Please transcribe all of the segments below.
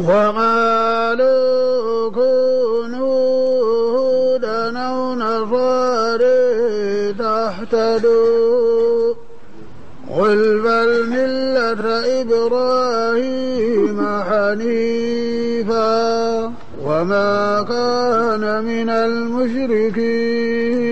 وقالوا كونوا هودا أو نصاري تهتدوا قل بل ملة إبراهيم حنيفا وما كان من المشركين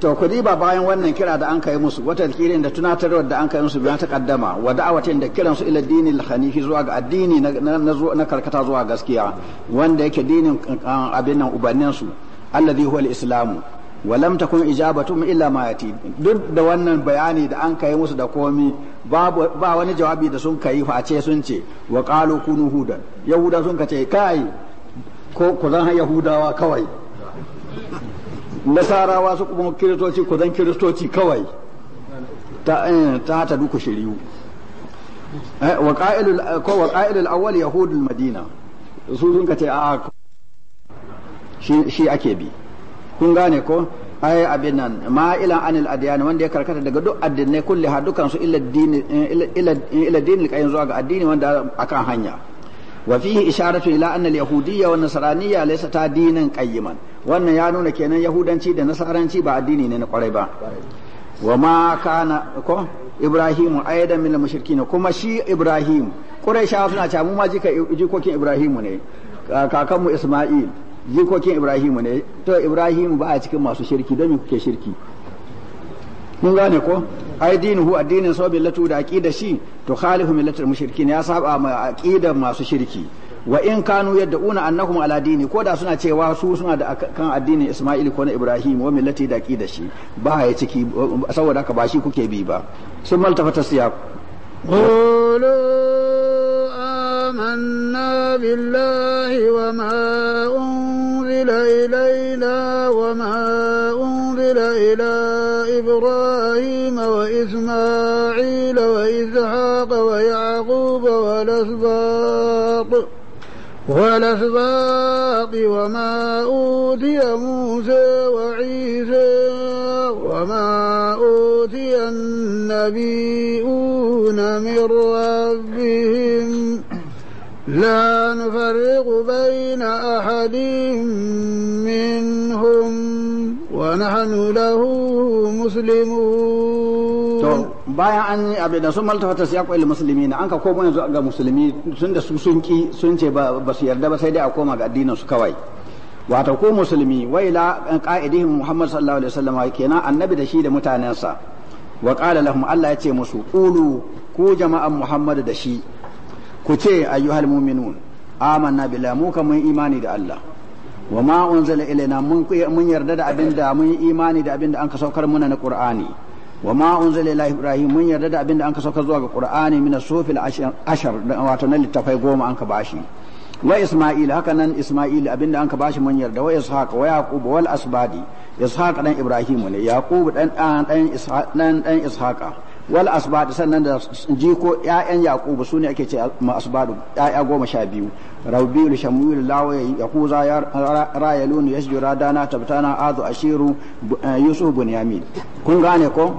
to ku ba bayan wannan kira da an kai musu wata kirin da tunatarwar da an kai musu biya ta kaddama wa da'awatin da kiransu ila dini hanifi zuwa ga addini na karkata zuwa gaskiya wanda yake dinin ah, abin nan ubannin su alladhi huwa al-islamu wa lam takun ijabatum illa ma yati duk da wannan bayani da an kai musu da komi ba wani jawabi da sun kai face sun ce wa qalu kunu hudan yahuda sun kace kai ko ku zan yahudawa kawai nasarawa su kuma kiristoci ku zan kiristoci kawai ta eh, ta duku shiriyu eh, wa qa'ilul ko wa qa'ilul awwal yahudul madina su sun kace a shi shi ake bi kun gane ko ai abin nan ma ila anil adyan wanda ya karkata daga duk addinai kulli ha dukan su illa dini illa illa dini zuwa ga addini wanda akan hanya wa fihi isharatu ila anna al yahudiyya wan nasraniyya laysa ta dinan qayyiman wannan ya nuna kenan yahudanci da nasaranci ba addini ne na kwarai ba wa ma kana ko ibrahim aidan min mushrikin kuma shi ibrahim quraishawa suna cewa mu ma jikokin Ibrahim ne kakan mu isma'il jikokin Ibrahim ne to Ibrahim ba a cikin masu shirki don me kuke shirki mun gane ko ai hu addinin sabi da aqida shi to khalifu millatul mushrikin ya saba ma aqidar masu shirki wa in kanu una annahum ala dini ko da suna cewa su suna da kan addinin Isma'il ko na Ibrahim wa millati da ki da shi ba ya ciki saboda haka ba shi kuke bi ba sun maltafata ilayna wa ma unzila ila ibrahim wa isma'il wa إبراهيم wa ya'qub wa lasbaq والأسباط وما أوتي موسى وعيسى وما أوتي النبيون من ربهم لا نفرق بين أحد منهم ونحن له مسلمون bayan an yi abin da sun maltafata siya yaƙo musulmi na an ka koma yanzu ga musulmi tun da su sun ki sun ce ba su yarda ba sai dai a koma ga addinin su kawai wata ko musulmi wa ila qa'idihim muhammad sallallahu alaihi wasallam kenan annabi da shi da mutanensa wa qala lahum allah ya ce musu qulu ku jama'an muhammad da shi ku ce ayyuhal mu'minun amanna billahi mu kan mun imani da allah wa ma unzila ilaina mun mun yarda da abinda mun imani da abinda an ka saukar mana na qur'ani wa ma unzila ila ibrahim mun yarda da abinda an ka sauka zuwa ga qur'ani min asufil ashar wato na littafai goma an ka bashi wa isma'il haka nan isma'il abinda an ka bashi mun yarda wa ishaq wa yaqub wal asbadi ishaq dan ibrahim ne yaqub dan ah, dan dan ishaq wal asbad sannan da jiko ƴaƴan su ne ake ce asbadu ƴaƴa goma sha biyu rabiul shamuil lawa yaquza rayalun yasjura dana tabtana azu ashiru eh, yusuf bunyamin kun gane ko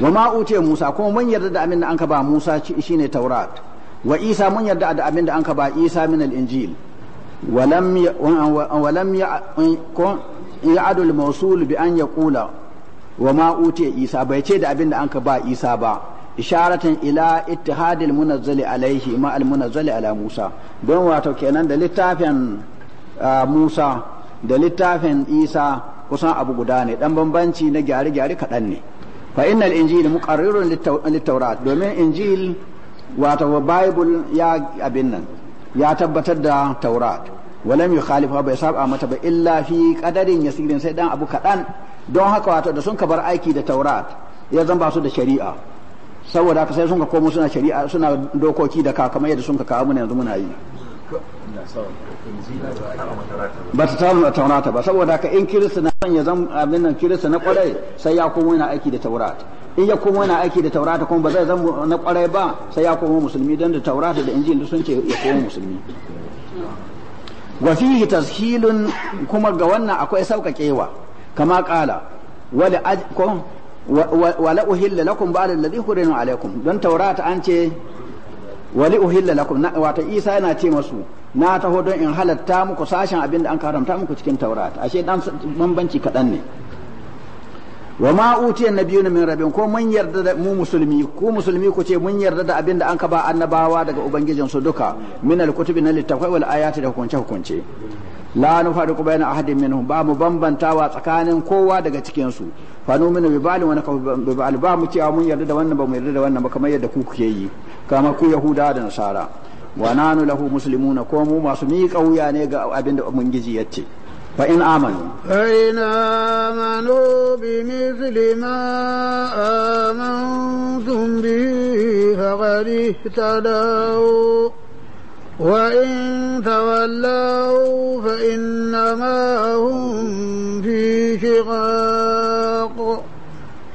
wa ma uce musa kuma mun yarda da amin da anka ba musa shine taurat wa isa mun yarda da amin da anka ba isa min al injil walam walam ya kun ya'adul eh, mawsul bi an yaqula wa ma utiya isa bai ce da abin da an ka ba isa ba isharatan ila ittihadil munazzali alaihi ma al munazzali ala musa don wato kenan da littafin musa da littafin isa kusan abu guda ne dan bambanci na gyare-gyare kaɗan ne fa innal injil muqarrirun littaurat domin injil wato bible ya abin nan ya tabbatar da taurat walam yukhalifa bai saba mata ba illa fi qadarin yasirin sai dan abu kaɗan don haka wato da sun ka bar aiki da taurat ya zan ba su da shari'a saboda haka sai sun ka komo suna shari'a suna dokoki da ka yadda sun ka kawo mana yanzu muna yi ba ta samu a taurata ba saboda haka in kirista na son ya zan abin nan kirista na kwarai sai ya komo yana aiki da taurat in ya komo yana aiki da taurata kuma ba zai zan na kwarai ba sai ya komo musulmi don da taurata da injil sun ce ya komo musulmi wa fihi hilun kuma ga wannan akwai sauƙaƙewa kama qala wala ajkum wala uhilla lakum ba'da alladhi hurina alaikum don taurata an ce wali uhilla lakum wato Isa yana ce masu na taho don in halatta muku sashen abinda da an haramta muku cikin taurat ashe dan bambanci kaɗan ne wa ma utiyan nabiyun min rabbin ko mun yarda da mu musulmi ku musulmi ku ce mun yarda da abinda an ka ba annabawa daga ubangijin su duka min alkutubi na littafai wal ayati da hukunce hukunce la nufariqu bayna ahadin minhum ba mu bambantawa tsakanin kowa daga cikin su fa nu'minu bi ba'li wa bi ba'li ba mu ce mun yarda da wannan ba mu yarda da wannan ba kamar yadda ku kuke yi kamar ku yahuda da nasara wa nanu lahu muslimuna ko mu masu miƙa wuya ne ga abinda ubangiji ce. فإن آمنوا فإن آمنوا بمثل ما آمنتم به فقد اهتدوا وإن تولوا فإنما هم في شقاق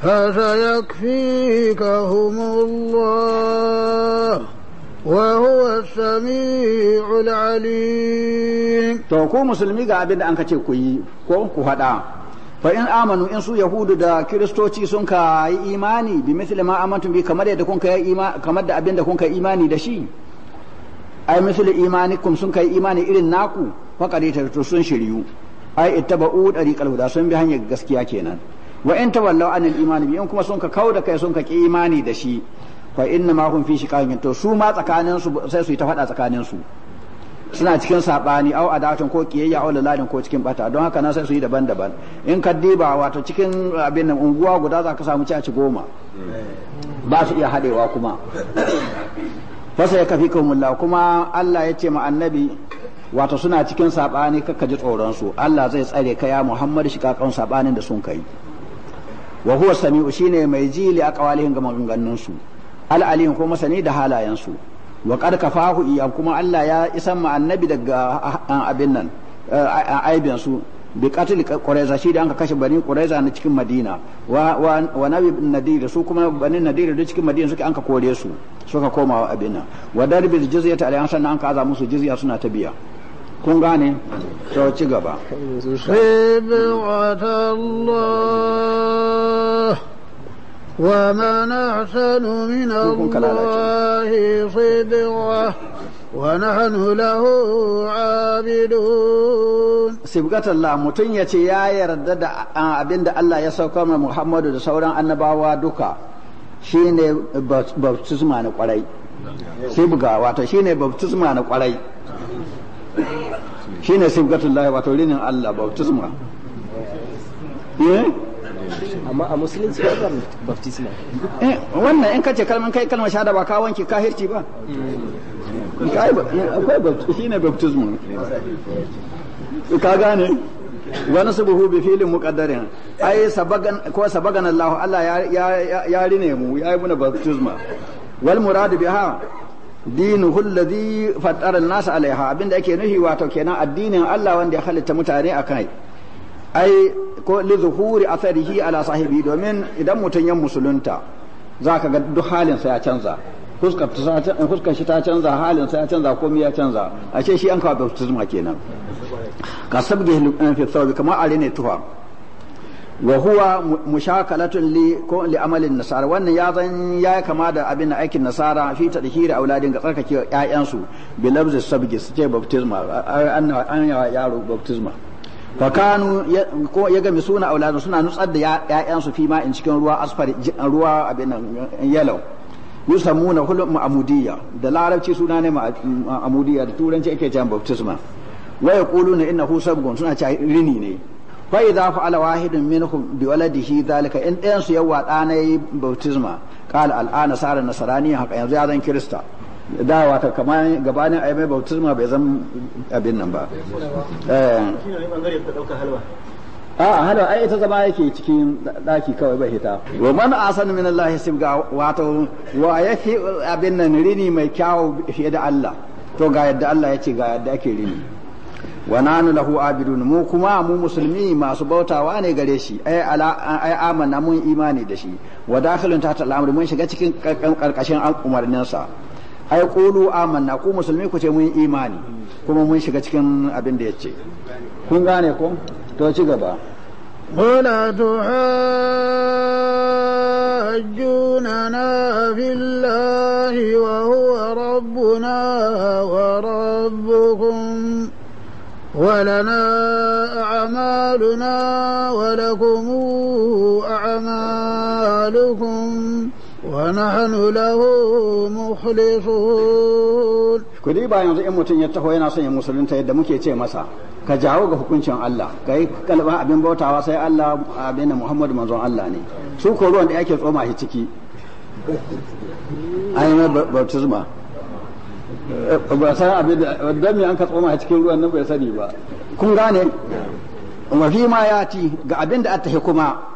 فسيكفيكهم الله وهو السميع العليم to ku musulmi ga abin da an kace ku yi ko ku hada fa in amanu in su yahudu da kiristoci sun ka yi imani bi misli ma amantum bi kamar yadda kun kai imani kamar da abin da kun kai imani da shi ai misli imanikum sun kai imani irin naku qadita to sun shiryu ai ittaba'u dariqal huda sun bi hanyar gaskiya kenan wa in tawallu anil imani bi in kuma sun ka kauda kai sun ka ki imani da shi fa inna ma hum fi shiqaqin to su ma tsakanin su sai su yi ta faɗa tsakanin su suna cikin sabani au adatun ko kiyayya au laladin ko cikin bata don haka na sai su yi daban-daban in ka diba wato cikin abin nan unguwa guda za ka samu caci goma ba su iya hadewa kuma fasa ya kafi kawmulla kuma Allah ya ce ma annabi wato suna cikin sabani kakka ji tsoron su Allah zai tsare ka ya Muhammad shikakan sabanin da sun kai wa huwa sami'u shine mai jili a kawalihin ga maganganun su al'alim ko masani da halayensu wa qad fahu iya kuma Allah ya isan ma annabi daga ah, abin nan eh, aibin su bi katil quraiza shi da an kashe bani quraiza na cikin madina wa wa nabi nadir su kuma bani nadir da cikin madina suka an ka kore su suka koma abin nan wa jizya ta alayhi sannan an ka aza musu jizya suna ta biya kun gane to ci gaba sai ومن أحسن من الله صدقه ونحن له عابدون سبقة الله متن يتي يا يرد أبين الله يسوكم محمد سورا النبوة دكا shine baptisma na kwarai sibga wato shine baptisma na kwarai shine sibgatullahi wato rinin Allah baptisma eh? amma a musulunci wannan baptisma eh wannan in kace kalman kai kalmar shahada ba ka wanke kahirci ba akwai baptisma shine baptisma ka gane wani subuhu bi filin muqaddarin ai sabagan ko sabagan Allah Allah ya ya rine mu ya yi muna baptisma wal murad biha dinuhu alladhi fatara an-nas alaiha abinda ake nuhi wato kenan addinin Allah wanda ya halitta mutane akai ai ko li zuhuri atharihi ala sahibi domin idan mutum ya musulunta zaka ga duk halin sa ya canza fuskar shi ta canza halin sa ya canza komai ya canza a ce shi an kawo baptism kenan ka sabge eh, fi thawbi kamar are ne tuwa wa huwa mushakalatun li ko li amalin nasara wannan ya zan ya kama da abin da aikin nasara fi tadhiri auladin ga tsarkake ƴaƴansu bi labzi sabgi su ce baptisma an yaro baptisma fa kanu ko ya gami suna auladun suna nutsar da 'ya'yansu fi ma in cikin ruwa asfar ruwa abin nan yellow yusamuna hulum da larabci suna ne ma'amudiyya da turanci ake jan baptisma wa yaquluna innahu sabgun suna cewa rini ne fa idza fa'ala wahidun minhum bi waladihi dhalika in ɗayan su yawa ɗana yi baptisma qala al'ana sara nasrani haka yanzu ya zan kirista da wata kamar gabanin yi mai bautisma bai zan abin nan ba eh. a halwa ai ita zama yake cikin daki kawai bai hita wa man asan min Allah ga wato wa fi abin nan rini mai kyawu fiye da Allah to ga yadda Allah ya ce ga yadda ake rini wa nanu lahu abidun mu kuma mu musulmi masu bautawa ne gare shi ai ala ai amana mun imani da shi wa dakhilun ta al'amri mun shiga cikin karkashin umarninsa ai kulu amanna ku musulmi ku ce mun imani kuma mun shiga cikin abin da ce. kun gane ko to ci gaba wala tuhajjunana billahi wa huwa rabbuna wa rabbukum ولنا أعمالنا ولكم ونحن له مخلصون kudi ba yanzu in mutum ya taho yana son ya musulunta yadda muke ce masa ka jawo ga hukuncin Allah ka yi kalba abin bautawa sai Allah abin da Muhammadu manzon Allah ne su ko ruwan da yake tsoma shi ciki ayyana bautizma eh, ba san abin da dan me an ka tsoma shi cikin ruwan nan bai sani ba kun gane wa fi ma yati ga abin da attahi kuma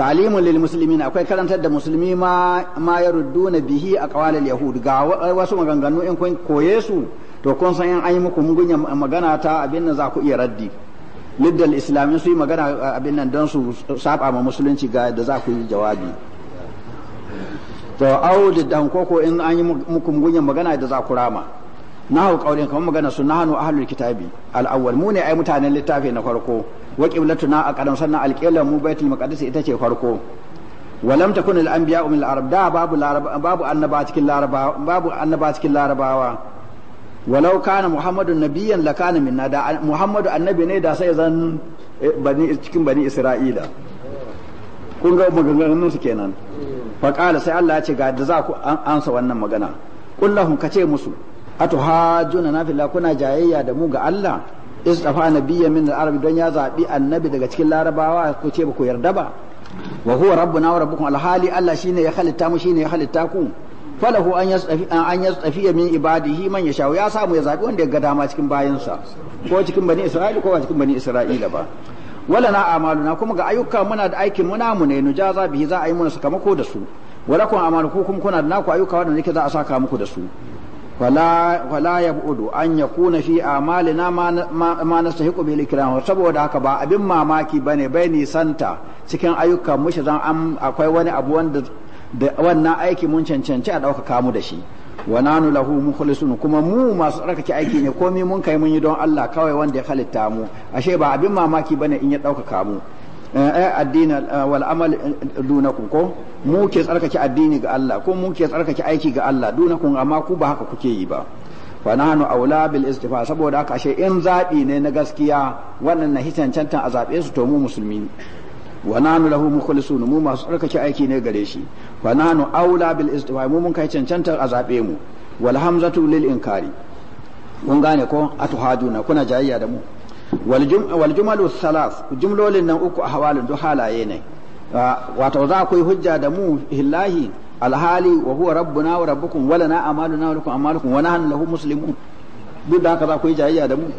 ta'limun lil muslimin akwai karantar da musulmi ma ma yarudduna bihi aqwalal yahud ga wasu maganganu in kun koye su to kun san an yi muku mugunya magana ta abin nan za ku iya raddi liddal islamin su yi magana abin nan don su saba ma musulunci ga da za ku yi jawabi to au dan koko in an yi muku mugunya magana da za ku rama na hau kamar magana su nahanu ahlul kitabi al-awwal mu ne ai mutanen littafi na farko wa qiblatuna a karam sannan alqiblar mu baitul maqdis ita ce farko walam takun al anbiya min al arab da babu babu annaba cikin larabawa babu annaba cikin larabawa walau kana muhammadun nabiyyan lakana minna da muhammadu annabi ne da sai zan eh, bani cikin bani isra'ila kun ga maganganun su kenan fa qala sai Allah ya ce ga da za ku ansa wannan magana kullahum kace musu atuhajuna na fillah kuna jayayya da mu ga Allah istafa nabiyya min al-arab don ya zabi annabi daga cikin larabawa ku ce ba ku yarda ba wa huwa rabbuna wa rabbukum al-hali Allah shine ya halitta mu shine ya halitta ku falahu an yastafi an yastafi min ibadihi man yasha ya samu ya zabi wanda ya ga dama cikin bayansa ko cikin bani isra'ila ko cikin bani isra'ila ba wala na amaluna kuma ga ayyuka muna da aikin muna mu ne za bihi za a yi muna sakamako da su walakum kuma kuna da naku ayyuka wanda nake za a saka muku da su wala ya bu'udu an ya kuna fi amalina ma na sahiku bil ikram saboda haka ba abin mamaki bane bai nisanta cikin ayyukan mu shi zan akwai wani abu wanda da wannan aiki mun cancanci a ɗaukaka mu da shi wa nanu lahu mukhlisun kuma mu masu tsarkake aiki ne komai mun kai mun yi don Allah kawai wanda ya halitta mu ashe ba abin mamaki bane in ya ɗaukaka mu Eh, eh, addini eh, wal amal dunakum ko mu ke tsarkake addini ga Allah ko mu ke tsarkake aiki ga Allah dunakum amma ku ba haka kuke yi ba fa nahnu aula bil istifa saboda haka ashe in zabi ne na gaskiya wannan na hitancantan a zabe su to mu musulmi ne wa nanu lahu mukhlisun mu masu tsarkake aiki ne gare shi fa nahnu aula bil istifa mu mun kai cancanta a zabe mu wal hamzatu lil inkari mun gane ko atuhaduna kuna jayayya da mu waljumalu salas jumlolin nan uku a ahwalin duk halaye ne ah, wato za ku yi hujja da mu hillahi alhali wa huwa rabbuna wa rabbukum wala na amaluna wa lakum amalukum wa nahnu lahu muslimun duk da haka za ku yi jayayya da mu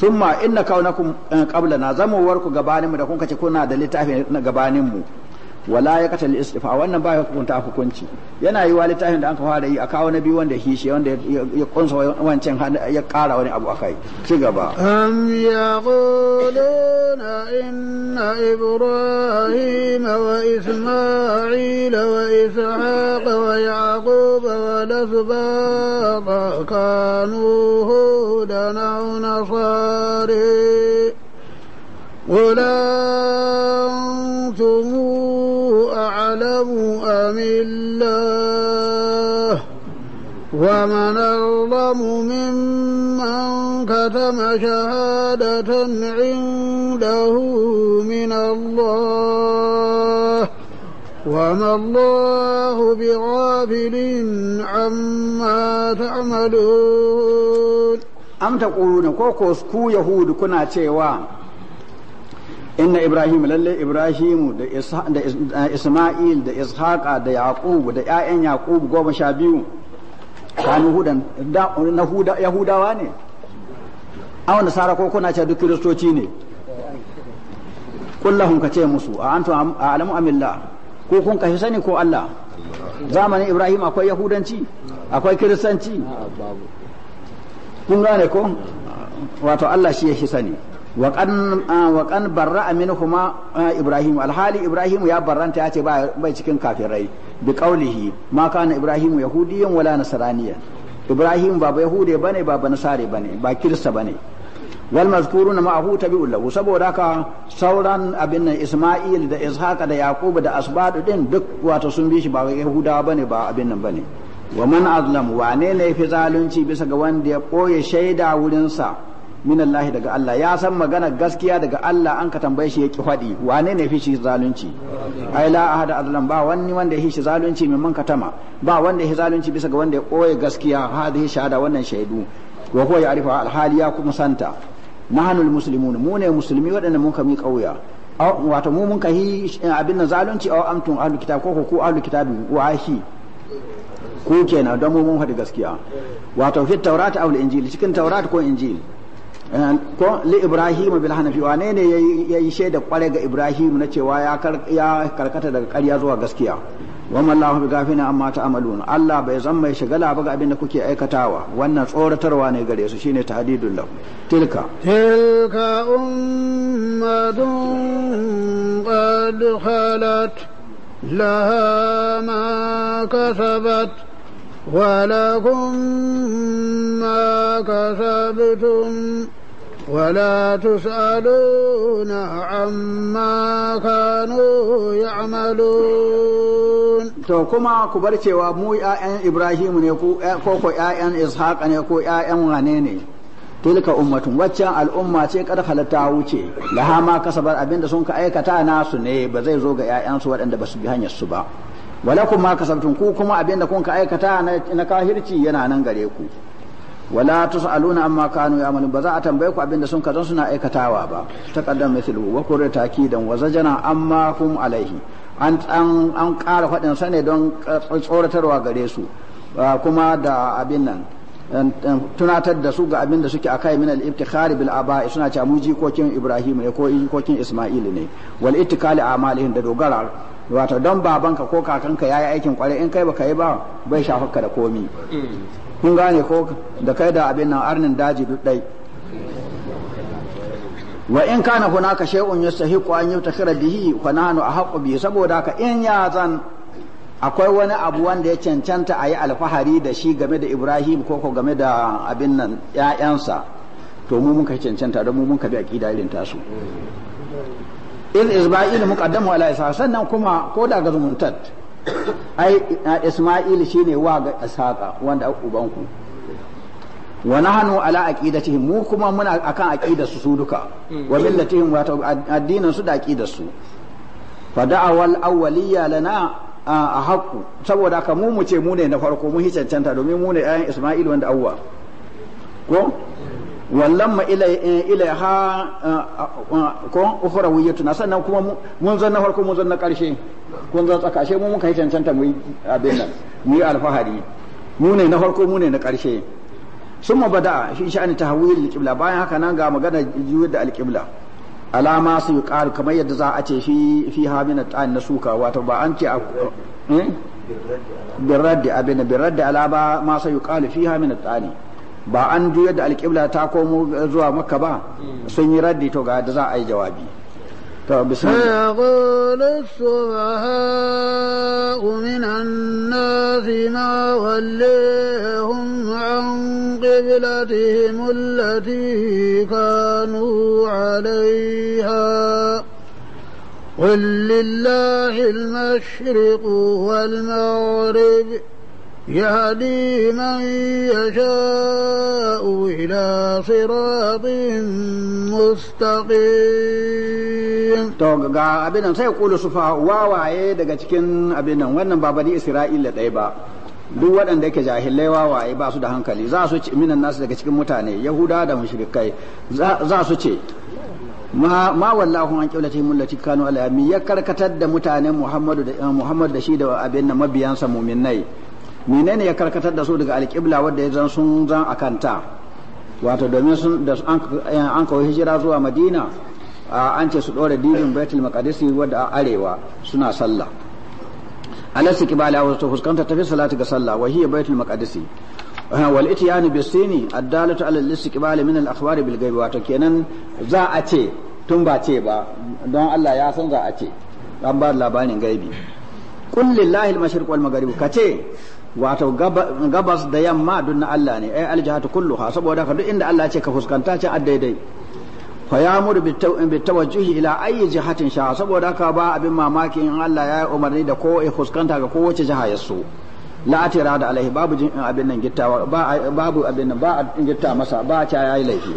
summa inna kaunakum eh, qablana zamuwarku gabanin mu da kun kace kuna da littafi gabanin mu wala ya katal istifa wannan ba hukunta hukunci yana yi wa littafin da an fara yi a kawo na biyu wanda hishe wanda ya kunsa wancan ya kara wani abu akai ci gaba am yaquluna inna ibrahima wa isma'il wa ishaq wa yaqub wa lasbaq kanu hudan nasari أولئك من الله ومن أظلم ممن كتم شهادة عنده من الله وما الله بغافل عما تعملون أم تقولون كوكوس كو يهود كنا تيوان inna ibrahim lalle Ibrahim da isma'il da ishaqa da yaqub da ƴaƴan yaqub goma sha biyu kanu hudan da na huda yahudawa ne aw nasara ko kuna cewa duk kiristoci ne kullahum ka ce musu a antum a'lamu amillah ko kun ka sani ko Allah zamanin ibrahim akwai yahudanci akwai kiristanci kun gane ko wato Allah shi ya sani Waƙan barra aminu kuma ibrahim alhali ibrahim ya barranta ya ce bai cikin kafirai bi qaulihi ma kana ibrahim yahudiyyan wala nasraniyan ibrahim ba ba yahude bane ba nasare ba kirista bane wal mazkurun ma'ahu tabi'un lahu saboda haka sauran abin nan isma'il da ishaqa da yaqub da asbadu din duk wato sun bi shi ba yahudawa ne ba abin nan ne. wa man azlam wane ne fi zalunci bisa ga wanda ya ɓoye shaida wurinsa min Allah daga Allah ya san magana gaskiya daga Allah an ka tambaye shi ki faɗi wane ne fi shi zalunci ai la ahada adlan ba wani wanda ya shi zalunci min man katama ba wanda ya zalunci bisa ga wanda ya koye gaskiya hadhihi shahada wannan shaidu wa huwa ya'rifu alhali ya kuma santa nahnu almuslimun mu ne muslimi waɗanda mun ka mi kauya wato mu mun ka hi abin nan zalunci aw amtum ahlul kitab ko ku ahlul kitab wa shi ku kenan don mu mun faɗi gaskiya wato fit tawrat aw injil cikin tawrat ko injil ko eh, li ibrahim bil hanafi wane ne ya yi shaida kware ga ibrahim na cewa ya karkata daga karya zuwa gaskiya wa mallahu bi gafina amma amalu Allah bai zan mai shigala ba ga abin da kuke aikatawa wannan tsoratarwa ne gare su shine tahdidul lahu tilka tilka ummatun qad khalat laha ma kasabat ولكم ما كسبتم ولا تسألون عما كانوا يعملون to kuma ku bar cewa mu ƴaƴan Ibrahim ne ko ko ƴaƴan Ishaq ne ko ƴaƴan wane ne tilka ummatun waccan al'umma ce kada halatta wuce laha ma kasabar abinda sun ka aikata nasu ne ba zai zo ga 'ya'yansu waɗanda ba su bi hanyar su ba walakum ma kasabtum ku kuma abinda kun ka aikata na kahirci yana nan gare ku wala tusaluna amma kanu ya'malu ba za a tambaye ku abinda sun kazan suna aikatawa ba taqaddama mithlu wa qur ta'kidan wa zajana amma hum alaihi an an an ƙara faɗin sa ne don tsoratarwa gare su kuma da abin nan tunatar da su ga abin da suke a kai min al-ibtikhari bil aba'i suna cewa mu jikokin Ibrahim ne ko jikokin Isma'il ne wal ittikali amalihim da dogara wato don babanka ko kakanka yayi aikin kware in kai baka yi ba bai shafarka da komi mm. kun gane ko da kai da abin nan arnin daji duk dai wa in kana hunaka shay'un yastahiqu an yutakhira bihi fa nahnu ahqqu bihi saboda ka in ya zan akwai wani abu wanda ya cancanta a yi alfahari da shi game da Ibrahim ko game da abin nan ‘ya'yansa to mu muka cancanta don mu muka bi aqida irin tasu iz isba'il muqaddamu ala isa sannan kuma ko da ga zumuntat ai Isma'il shine wa ga Ishaqa wanda ubanku wa nahnu ala aqidatihim mu kuma muna akan aqidar su su duka wa millatihim wa addinan su da aqidar su fa wal awwaliyya lana a haqqu saboda ka mu ce mu ne na farko mu hicancanta domin mu ne ayan Isma'il wanda awwa ko Wallan ma wallamma eh, ha eh, eh, ko ufura na sannan kuma mun zan na farko mun zan na karshe kun zan tsaka ashe mu muka yi cancanta mu yi abin nan mu yi alfahari mu ne na farko mu ne na karshe summa bada shi sha'ani tahwil alqibla bayan haka nan ga magana juyar da alqibla alama su yuqal kamar yadda za a ce fi fi hamina ta'an na suka wato ba an ce a birraddi abin birraddi alaba ma sai yuqal fi hamina ta'ani ba an juyar da alƙibla ta komo zuwa makka ba sun yi raddi to ga da za a yi jawabi فيقول السفهاء من الناس ما وليهم عن قبلتهم التي كانوا عليها قل لله المشرق والمغرب يهدي من يشاء إلى صراط مستقيم to ga abin nan sai kulu sufa wawaye daga cikin abin nan wannan ba bani isra'ila ɗaya ba duk waɗanda yake jahilai wawaye ba su da hankali za su ce minan nasu daga cikin mutane yahuda da mushrikai za su ce ma ma wallahu an qiblati mullati kanu alami ya karkatar da mutanen muhammadu da eh, muhammad shi da abin nan mabiyansa mu'minnai menene ya karkatar da su daga alƙibla wadda ya zan sun zan kanta wato domin sun da an kawo hijira zuwa madina an ce su ɗora dibin baitul maqdisi wadda a arewa suna sallah alasu kibala wato fuskanta tafi salati ga sallah wa hiya baitul maqdisi wal itiyani bisini addalatu ala al-istiqbal min al-akhbar bil ghaib wato kenan za a ce tun ba ce ba don Allah ya san za a ce an ba labarin gaibi kullillahi lillahi al-mashriq wal maghrib kace wato gabas da yamma duk na Allah ne ai aljihatu kulluha saboda ka duk inda Allah ce ka fuskanta can addaidai fa bi tawajjuhi ila ayi jihatin sha saboda ka ba abin mamaki in Allah ya yi umarni da ko ya fuskanta ga kowace jiha ya so la atira da alaihi babu jin abin nan gittawa ba babu abin nan ba gitta masa ba a ya yi laifi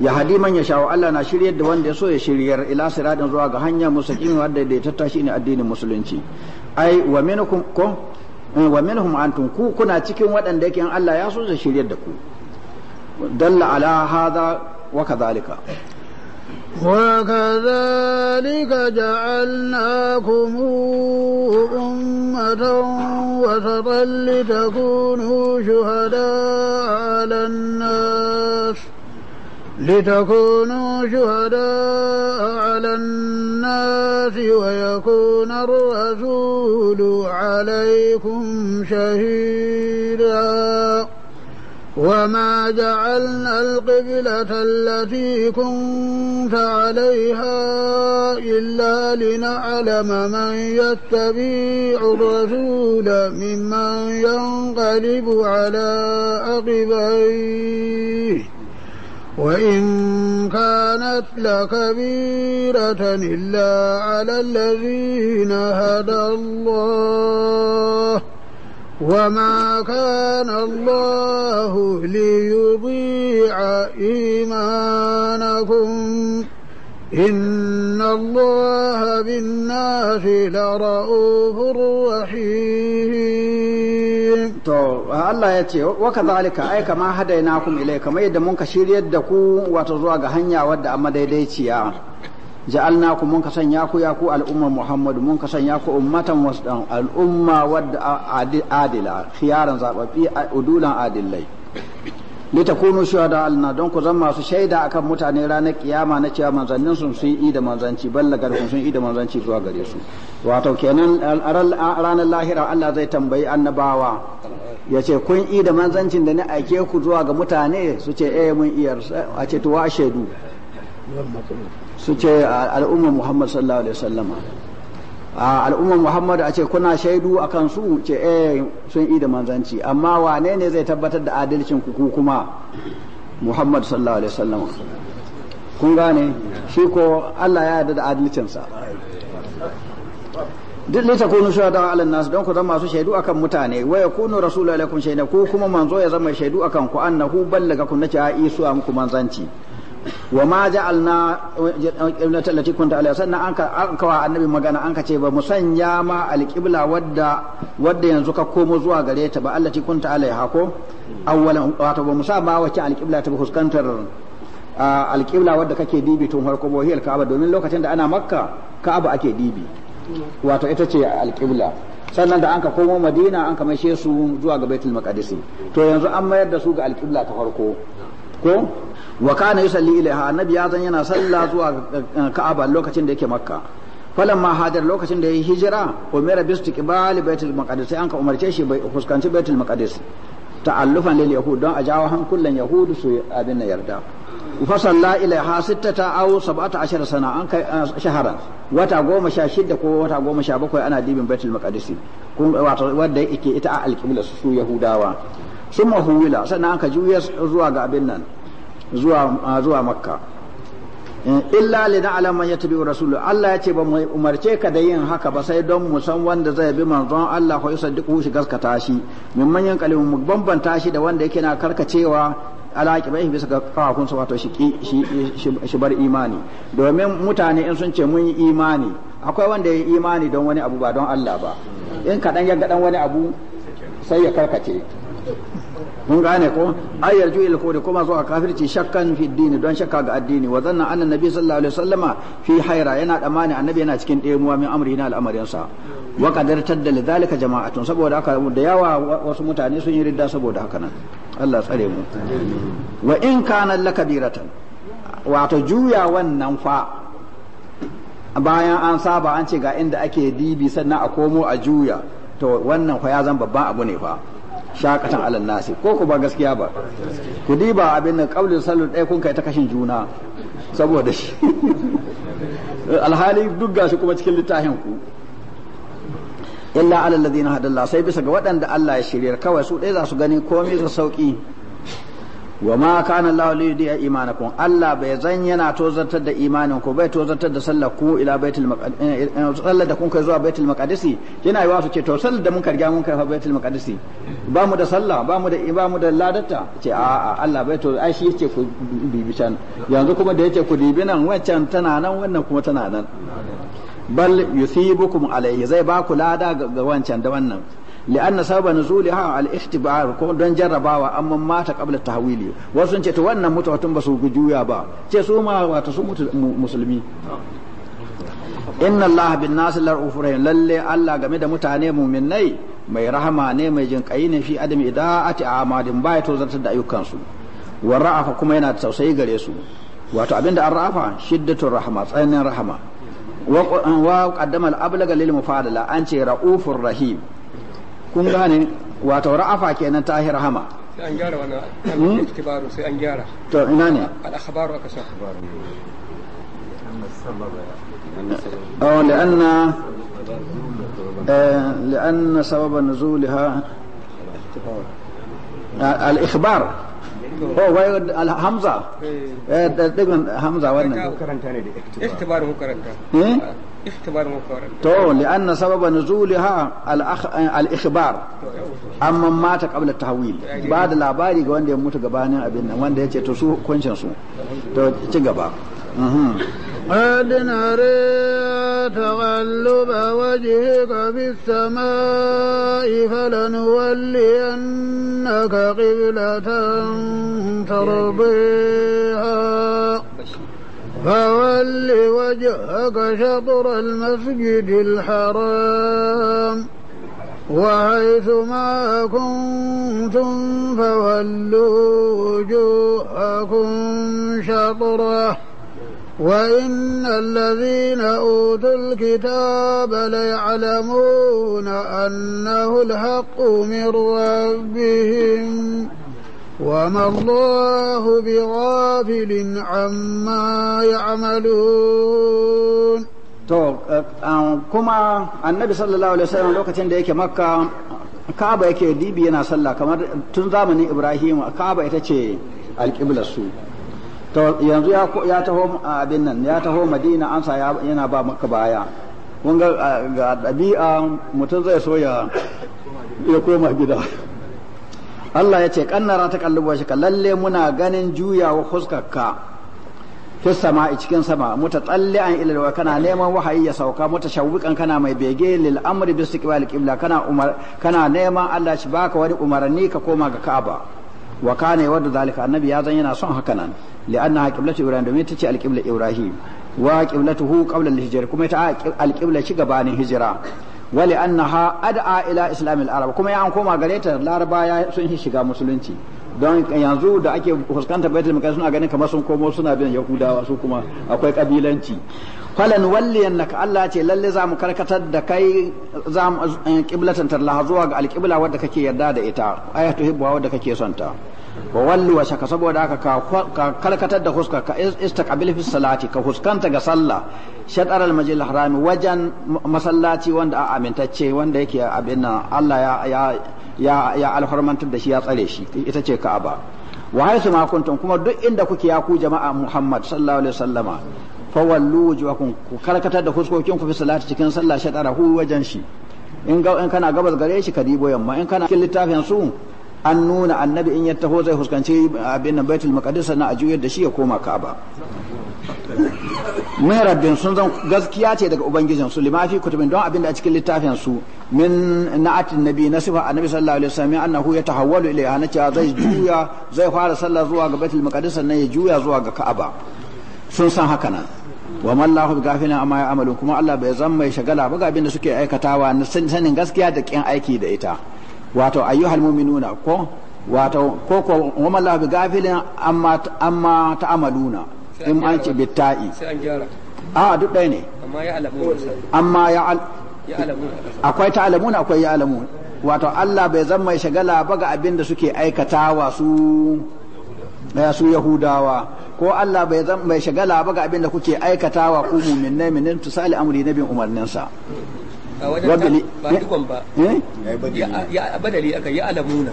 ya hadi man ya shawo Allah na shiryar da wanda ya so ya shiryar ila siradin zuwa ga hanya musakin wadda da ta ne addinin musulunci ai wa minkum Eh, wa minhum antum ku kuna cikin waɗanda yake Allah ya so zai shiryar da ku dalla ala hadha wa kadhalika وكذلك جعلناكم أمة وسطا لتكونوا شهداء على الناس لتكونوا شهداء على الناس ويكون الرسول عليكم شهيدا وما جعلنا القبلة التي كنت عليها إلا لنعلم من يتبع الرسول ممن ينقلب على عقبيه وإن كانت لكبيرة إلا على الذين هدى الله وما كان الله ليضيع إيمانكم إن الله بالناس لرؤوف رحيم Allah ya ce wa zalika ai kama hadainakum ilai kamar yadda mun ka shiryar da ku wato zuwa ga hanya wadda amma daidaiciya naku mun ka sanya ku ya ku al'umma Muhammad mun ka sanya ku ummatan wasdan al'umma wadda adila khiyaran zababi udulan adillai litakunu shuhada alna don ku zama masu shaida akan mutane ranar kiyama na cewa manzannin sun sun yi da manzanci ballagar sun yi da manzanci zuwa gare su wato kenan ranar lahira Allah zai tambayi annabawa yace ce kun yi da manzancin da na aike ku zuwa ga mutane su ce eh mun iyar a ce to wa shaidu su ce al'ummar Muhammad sallallahu alaihi wasallama al'umman Muhammad a ce kuna shaidu a kan su ce eh sun yi da manzanci amma wane ne zai tabbatar da adalcin ku kuma Muhammad sallallahu alaihi wasallam kun gane shi ko Allah ya yarda da adalcinsa duk lita kunu shuhada ala nas don ku zama masu shaidu akan mutane waya kunu rasulullahi alaikum shaidu ko kuma manzo ya zama shaidu akan ku annahu ballagakum nace a isu muku manzanci wa جعلنا ja'alna qiblata allati kunta sannan an ka an annabi magana an ka ce ba musanya ma alqibla wadda wadda yanzu ka komo zuwa gare ta ba allati kunta alaiha ko awwalan wato ba musa ma wacce alqibla ta fuskantar alqibla wadda kake dibi tun farko ba hiyal ka'aba domin lokacin da ana sannan da an ka komo madina an ka maishe su zuwa ga baitul maqdisi to yanzu an mayar da su ga alqibla ta farko ko wa kana yusalli ilaiha annabi ya zan yana sallah zuwa ka'aba lokacin da yake makka falamma hajar lokacin da yayi hijira umira bi istiqbal baitul maqdis an ka umarce shi bai fuskanci baitul maqdis ta'allufan lil yahud don a jawo hankulan yahud su abin na yarda fa salla ilaiha sittata aw sab'ata ashara sana an kai shahara wata goma sha shida ko wata goma sha bakwai ana dibin baitul maqdis kun wanda yake ita a al-qibla su yahudawa summa huwila sannan an ka juya zuwa ga abin nan zuwa makka eh, illa li na'lam man rasulu Allah ya ce ba mu umarce ka da yin haka ba sai don mu san wanda zai bi manzon Allah ko duk shi gaskata shi min manyan kalimu mu bambanta shi da wanda yake na karkacewa alaki bai bisa ga kawakunsa wato shi bar imani domin mutane in sun ce mun yi imani akwai wanda ya yi imani don wani abu ba don Allah ba in kadan ya ga wani abu sai ya karkace mun gane ko ay yarju ila kufri kuma a kafirci shakkan fi dini don shakka ga addini wa zanna anna nabi sallallahu alaihi wasallama fi haira yana damani annabi yana cikin ɗemuwa min amri na al'amarin sa wa qadar tadda lidhalika jama'atun saboda haka da yawa wasu mutane sun yi ridda saboda haka nan Allah tsare mu wa in kana lakabiratan wato juya wannan fa bayan an saba an ce ga inda ake dibi sannan a komo a juya to wannan fa ya zan babban abu ne fa shakatan alal nasi ko ku ba gaskiya ba ku diba abin nan qaulin sallu ɗaya kun kai ta kashin juna saboda shi alhali duk gashi kuma cikin littafin ku illa alal ladina hadalla sai bisa ga waɗanda Allah ya shirya kawai su ɗaya za su gani komai su sauki wa ma kana Allahu li yudi'a imanakum Allah bai zan yana tozartar da imanin ku bai tozartar da sallar ku ila baitul maqdis eh, eh, sallar da kun kai zuwa baitul maqdis yana yiwa su ce to sallar da mun karga mun kai fa baitul maqdis ba mu da sallah ba mu da ba mu da ladatta ce a a Allah bai to ai shi yake ku bibi can yanzu kuma da yake ku bibi nan wancan tana nan wannan kuma tana nan bal yusibukum alayhi zai ba ku lada ga wancan da wannan li'anna sababa nuzuliha al-ikhtibar ko don jarrabawa amma mata qabla tahwili wasu ce to wannan mutuwatun ba su juya ba ce su ma wato su mutu musulmi inna allaha bin nasi lalle allah game da mutane mu'minnai mai rahama ne mai jinƙayi ne fi adam ida'ati amadin ba ya da ayyukansu wa ra'afa kuma yana tausayi gare su wato abinda an ra'afa shiddatul rahama tsananin rahama wa qaddama al-ablaga lil mufadala an ce ra'ufur rahim kun gane wato ra'afa kenan ta rahama sai an gyara wannan ittibaru sai an gyara to ina ne al-akhbaru aka sa أو لأن لأن سبب نزولها الإخبار هو الهمزة همزة وانا اختبار هو كرنتا اختبار مفورا تو لأن سبب نزولها الإخبار أما مات قبل التحويل بعد العباري وان دي موت قبانا أبنا وان دي تسو كونشن سو تو تقبا قد نرى تغلب وجهك في السماء فلنولينك قبلة ترضيها فول وجهك شطر المسجد الحرام وحيث ما كنتم فولوا وجوهكم شطره وإن الذين أوتوا الكتاب ليعلمون أنه الحق من ربهم وما الله بغافل عما يعملون to kuma annabi sallallahu alaihi wasallam lokacin da yake makka kaba yake dibi yana sallah kamar tun zamanin ibrahim kaba ita ce alƙiblar su to yanzu ya taho abin nan ya taho madina ansa yana ba maka baya kun ga ɗabi'a mutum zai so ya koma gida Allah ya ce kannara ta kallubu shi lalle muna ganin juyawa huskarka fi sama'i cikin sama tsalle an wa kana neman wahayi ya sauka mutashawwiqan kana mai bege lil amri bi istiqbal qibla kana umar kana neman Allah shi baka wani umarni ka koma ga Ka'aba wa kana yawaddu zalika annabi ya zan yana son haka nan li'anna qiblatu ibrahim domin tace al qibla ibrahim wa qiblatuhu qabla al hijra kuma ta al qibla shi gabanin hijira wali annaha ad'a ila islamil arab kuma ya an koma gare ta laraba sun shiga musulunci don yanzu da ake fuskanta bai maqdis suna ganin kamar sun komo suna bin yahudawa su kuma akwai kabilanci falan naka Allah ce lalle za mu karkatar da kai za mu kiblatan eh, tarla zuwa ga alqibla wadda kake yarda da ita ayatu hibba wadda kake son ta wa walli wa shaka saboda haka ka karkatar da huska ka istaqbil fi salati ka huskanta ga sallah shatar almajil harami wajen masallaci wanda a amintacce wanda yake abin nan Allah ya ya ya da shi ya tsare shi ita ce Ka'aba wa haisu ma kuntum kuma duk inda kuke ya ku jama'a Muhammad sallallahu alaihi wasallama fawallu wujuhakum ku karkatar da fuskokin ku fi salati cikin sallah hu wajen shi in kana gabas gare shi ka dibo yamma in kana cikin littafin su an nuna annabi in ya taho zai fuskanci abin nan baitul maqdis sannan a juyar da shi ya koma Ka'aba mun rabbin sun zan gaskiya ce daga ubangijin su lima fi kutubin don abin da a cikin littafin su min na'atin nabi na sifa annabi sallallahu alaihi wasallam annahu ya tahawwalu ilayhi na cewa zai juya zai fara sallah zuwa ga baitul maqdis sannan ya juya zuwa ga ka'aba sun san haka nan wa mallahu gafina amma ya amalu kuma Allah bai zan mai shagala ba ga abin da suke aikatawa na sanin gaskiya da kin aiki da ita wato ayyuhal mu'minuna ko wato ko ko wa mallahu gafina amma amma ta'amaluna in an ce bitta'i a duk ɗaya ne amma ya akwai ta'alamun akwai ya alamun wato Allah bai zan mai shagala ba ga abin da suke aikatawa su eh, su Yahudawa ko Allah bai zan mai shagala ba ga abin da kuke aikatawa ku mu'minnai minin tusali amri bin umarninsa wajen ba dukkan ba eh? ya badali aka ya alamuna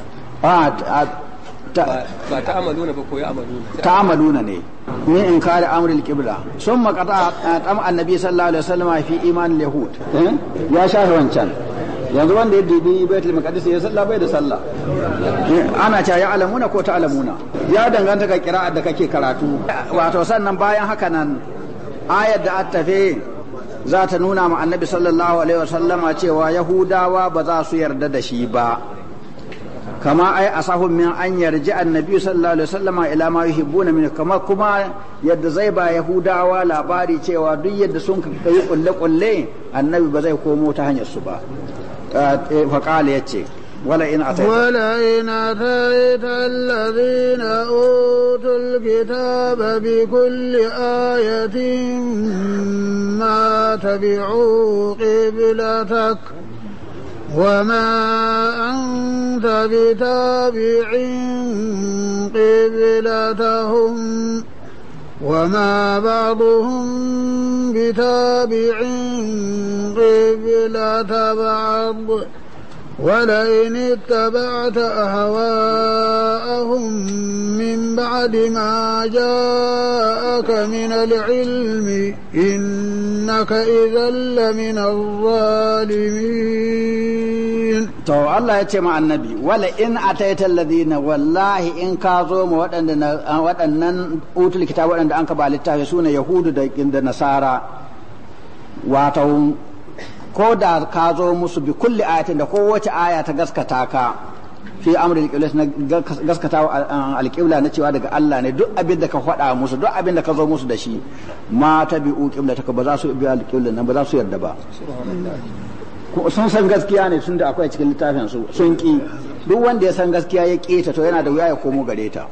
ba ta amaluna ba ko ya amaluna ta amaluna ne min in kare amril qibla sun makata eh, tam annabi sallallahu alaihi wasallam fi iman yahud eh? ya shafe wancan yanzu wanda ya dubi baitul maqdis ya sallah bai da sallah ana cewa ya alamuna ko ta alamuna ya danganta ga qira'ar da kake karatu wato sannan bayan haka nan ayar da attafe za ta nuna ma annabi sallallahu alaihi wasallama cewa yahudawa ba za su yarda da shi ba kama ai asahun min an yarji annabi sallallahu alaihi wasallam ila ma yuhibbuna min kama kuma yadda zai ba yahudawa labari cewa duk yadda sun kai kulle kulle annabi ba zai komo ta hanyar su ba fa qala yace wala in ataita wala in ataita alladhina utul kitaba bi kulli ayatin ma tabi'u qiblatak وما أنت بتابع قبلتهم وما بعضهم بتابع قبلة بعض ولئن اتبعت اهواءهم من بعد ما جاءك من العلم انك اذا لمن الظالمين to Allah ya ce ma annabi wala in ataita alladhina wallahi in ka zo ma waɗannan waɗannan waɗanda an ka ba littafi sune yahudu da da nasara wato ko da ka zo musu bi kulli ayatin da kowace aya ta gaskata ka fi amri qibla na gaskata alqibla na cewa daga Allah ne duk abin da ka faɗa musu duk abin da ka zo musu da shi ma ta bi qibla ta ba za su bi alqibla nan ba za su yarda ba sun san gaskiya ne tunda akwai cikin littafin su sun ki duk wanda ya san gaskiya ya keta to yana da wuya ya komo gare ta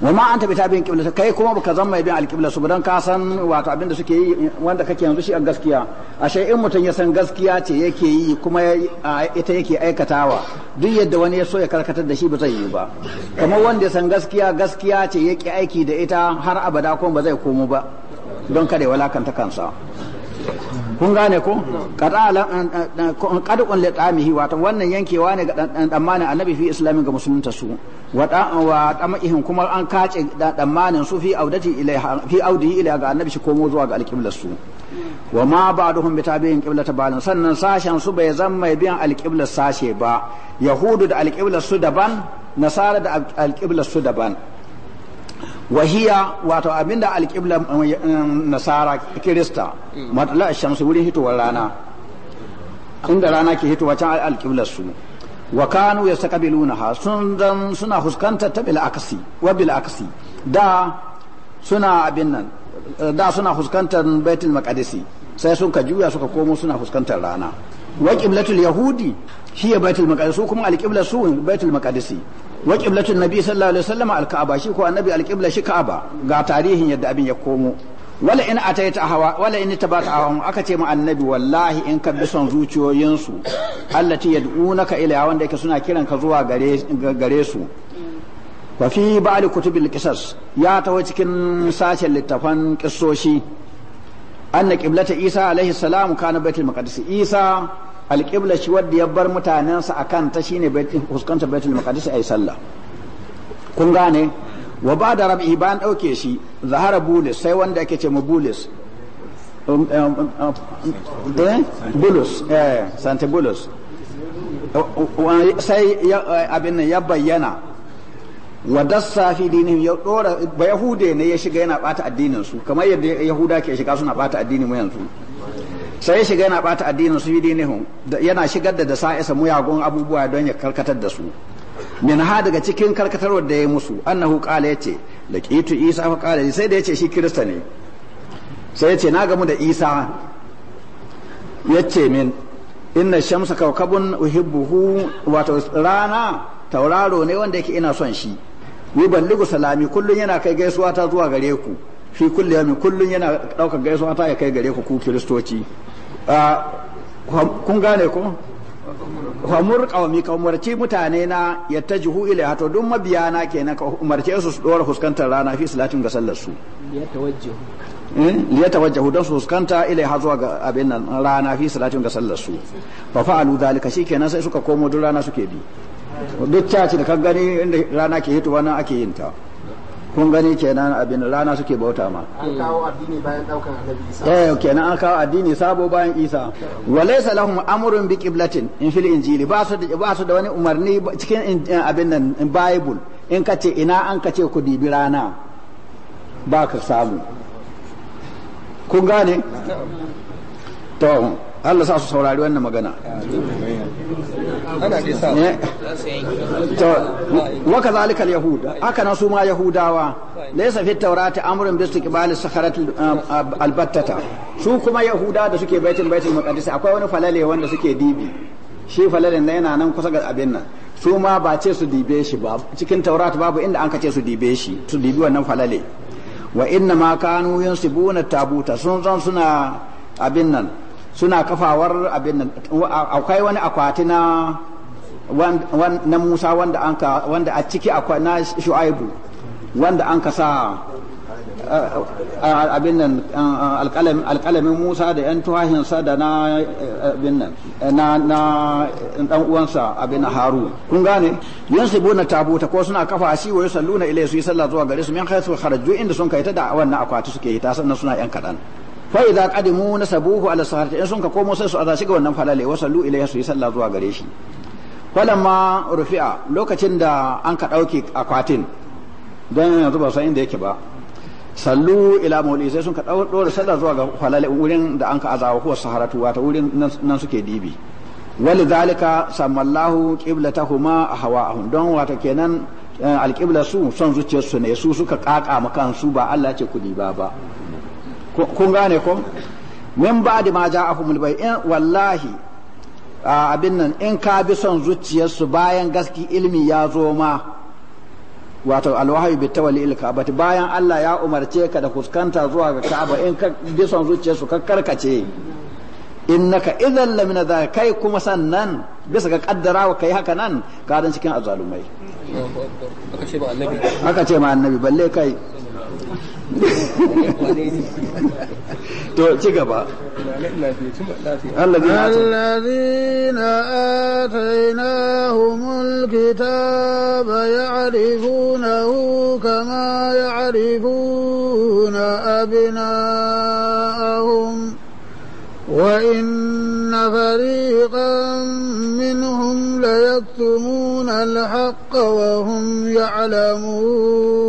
wa ma anta bitabin qibla kai kuma baka zan mai bin alqibla su dan ka san wato abinda suke yi wanda kake yanzu shi a gaskiya ashe in mutum ya san gaskiya ce yake yi kuma ita yake aikatawa duk yadda wani ya so ya karkatar da shi ba zai yi ba kamar wanda ya san gaskiya gaskiya ce yake aiki da ita har abada kuma ba zai komo ba don kada ya walakanta kansa kun gane ko kadukun li ta'amihi wato wannan yankewa ne ga tsammanin annabi fi islamin ga musulunta su wa ta'amihin kuma an kace tsammanin su fi audati ilaiha fi ilaiha ga annabi shi komo zuwa ga alqiblar su wa ma ba'duhum bi tabi'in qiblata ba'dan sannan sashen su bai zan mai biyan alqiblar sashe ba yahudu da alqiblar su daban nasara da alqiblar su daban wahiya wato abinda alƙibla um, um, nasara kirista mm. matala shamsu wurin hitowar rana inda rana ke hitowa can alƙiblar su wa kanu yastaqbilunaha sun zan suna fuskantar ta bil wa bil da suna abin nan da suna fuskantar baitul maqdisi sai sun ka juya suka komo suna fuskantar rana wa qiblatul yahudi hiya baitul maqdis kuma su wa qiblatun nabi sallallahu alaihi wasallam al-ka'aba shi ko annabi al-qibla shi ka'aba ga tarihin yadda abin ya komo wala in ataita hawa wala in tabata hawa aka ce mu annabi wallahi in ka bi son zuciyoyinsu allati yad'unaka ila wanda yake suna kiran ka zuwa gare gare su wa fi ba'd kutubil qisas ya tawo cikin sashen littafan qissoshi anna qiblata isa alaihi salam kana baitul maqdis isa alƙibla shi wadda ya bar mutanensa a kan kanta shine fuskantar baitul a yi sallah kun gane wa ba da rabi bayan ɗauke shi zahara bulis sai wanda ake ce mu bulis bulus um, um, um, eh? Eh, santa bulus uh, uh, uh, sai abin ya bayyana wa dassa fi dinihim ya dora ba yahude ne ya shiga yana bata addinin su kamar yadda yahuda ke shiga suna bata addinin mu yanzu sai shiga yana bata addinin su yi yana shigar da da isa muyagun abubuwa don ya karkatar da su min ha daga cikin karkatarwar da ya musu annahu qala yace laqitu isa fa qala sai da yace shi kirista ne sai yace na gamu da isa yace min inna shamsa kawkabun uhibbuhu wato rana tauraro ne wanda yake ina son shi yuballigu salami kullun yana kai gaisuwa ta zuwa gare ku fi kulli kullun yana daukar gaisuwa ta ya kai gare ku ku kiristoci Ah, kun gane ko famur kawami ka umarci mutane na ya ta jihu ila hato duk mabiya na kenan ka umarce su su dora fuskantar rana fi salatin ga sallar su liya tawajjahu eh, don su fuskanta ila ya zuwa ga abin nan rana fi salatin ga sallar su fa fa'alu dalika shikenan sai suka komo duk rana suke bi duk caci da kan gani inda rana ke hitowa nan ake yin ta kun gani kenan abin rana suke bauta ma an kawo addini bayan daukan annabi isa eh kenan an kawo addini sabo bayan isa walaysa lahum amrun bi qiblatin in fil injil ba su da ba su da wani umarni cikin eh, abin nan bible in ka ce ina an ka ce ku dibi rana ba ka samu kun gane to Allah sa su saurari wannan magana wa eh. kadhalika al-yahud haka nan su ma yahudawa laysa fi tawrati amrun bi istiqbal sakharat al-battata su kuma yahuda da suke baitin baitul maqdis akwai wani falale wanda suke dibi shi falalen na yana nan kusa ga abin nan su ma ba ce su dibe shi ba cikin taurat babu inda an ce su dibe shi su dibi wannan falale wa inna ma kanu yansibuna tabuta sun zan suna abin nan suna kafawar abin akwai wani akwati na na Musa wanda anka wanda a ciki akwai na Shu'aibu wanda an ka sa eh, eh, abin nan eh, alƙalamin Musa da ‘yan tuwahinsa da na abin nan na ɗan uwansa abin na haru kun gane yan su buna tabuta ko suna kafa shi wa salluna ilayhi ilai su yi sallah zuwa gare su min haisu kharaju inda sun kai ta da wannan akwati suke yi ta sannan suna ‘yan kaɗan fa idza qadimu nasabuhu ala saharati in sun ka komo sai su azashi ga wannan falale wa sallu ilayhi su yi sallah zuwa gare shi falamma rufi'a lokacin da an ka dauke akwatin don yanzu ba san inda yake ba sallu ila mauli sai sun ka dora sallah zuwa ga falale wurin da an ka azawa ko saharatu wata wurin nan suke dibi wal zalika samallahu qiblatahuma ahwa'ahum don wata kenan alqibla su son zuciyarsu ne su suka kaka makan su ba Allah ce ku diba ba kun gane ko min ba'di ma ja'ahumul in wallahi abin nan in ka bi son zuciyarsu bayan gaski ilmi ya zo ma wato alwahayu bi tawali il ka'bati bayan Allah ya umarce ka da fuskanta zuwa ga Ka'aba in ka bi son zuciyarsu ka karkace innaka idan lamina za kai kuma sannan bisa ga kaddara wa kai haka nan ka dan cikin azalumai haka ce ma annabi balle kai to ci gaba الذين آتيناهم الكتاب يعرفونه كما يعرفون أبناءهم وإن فريقا منهم ليكتمون الحق وهم يعلمون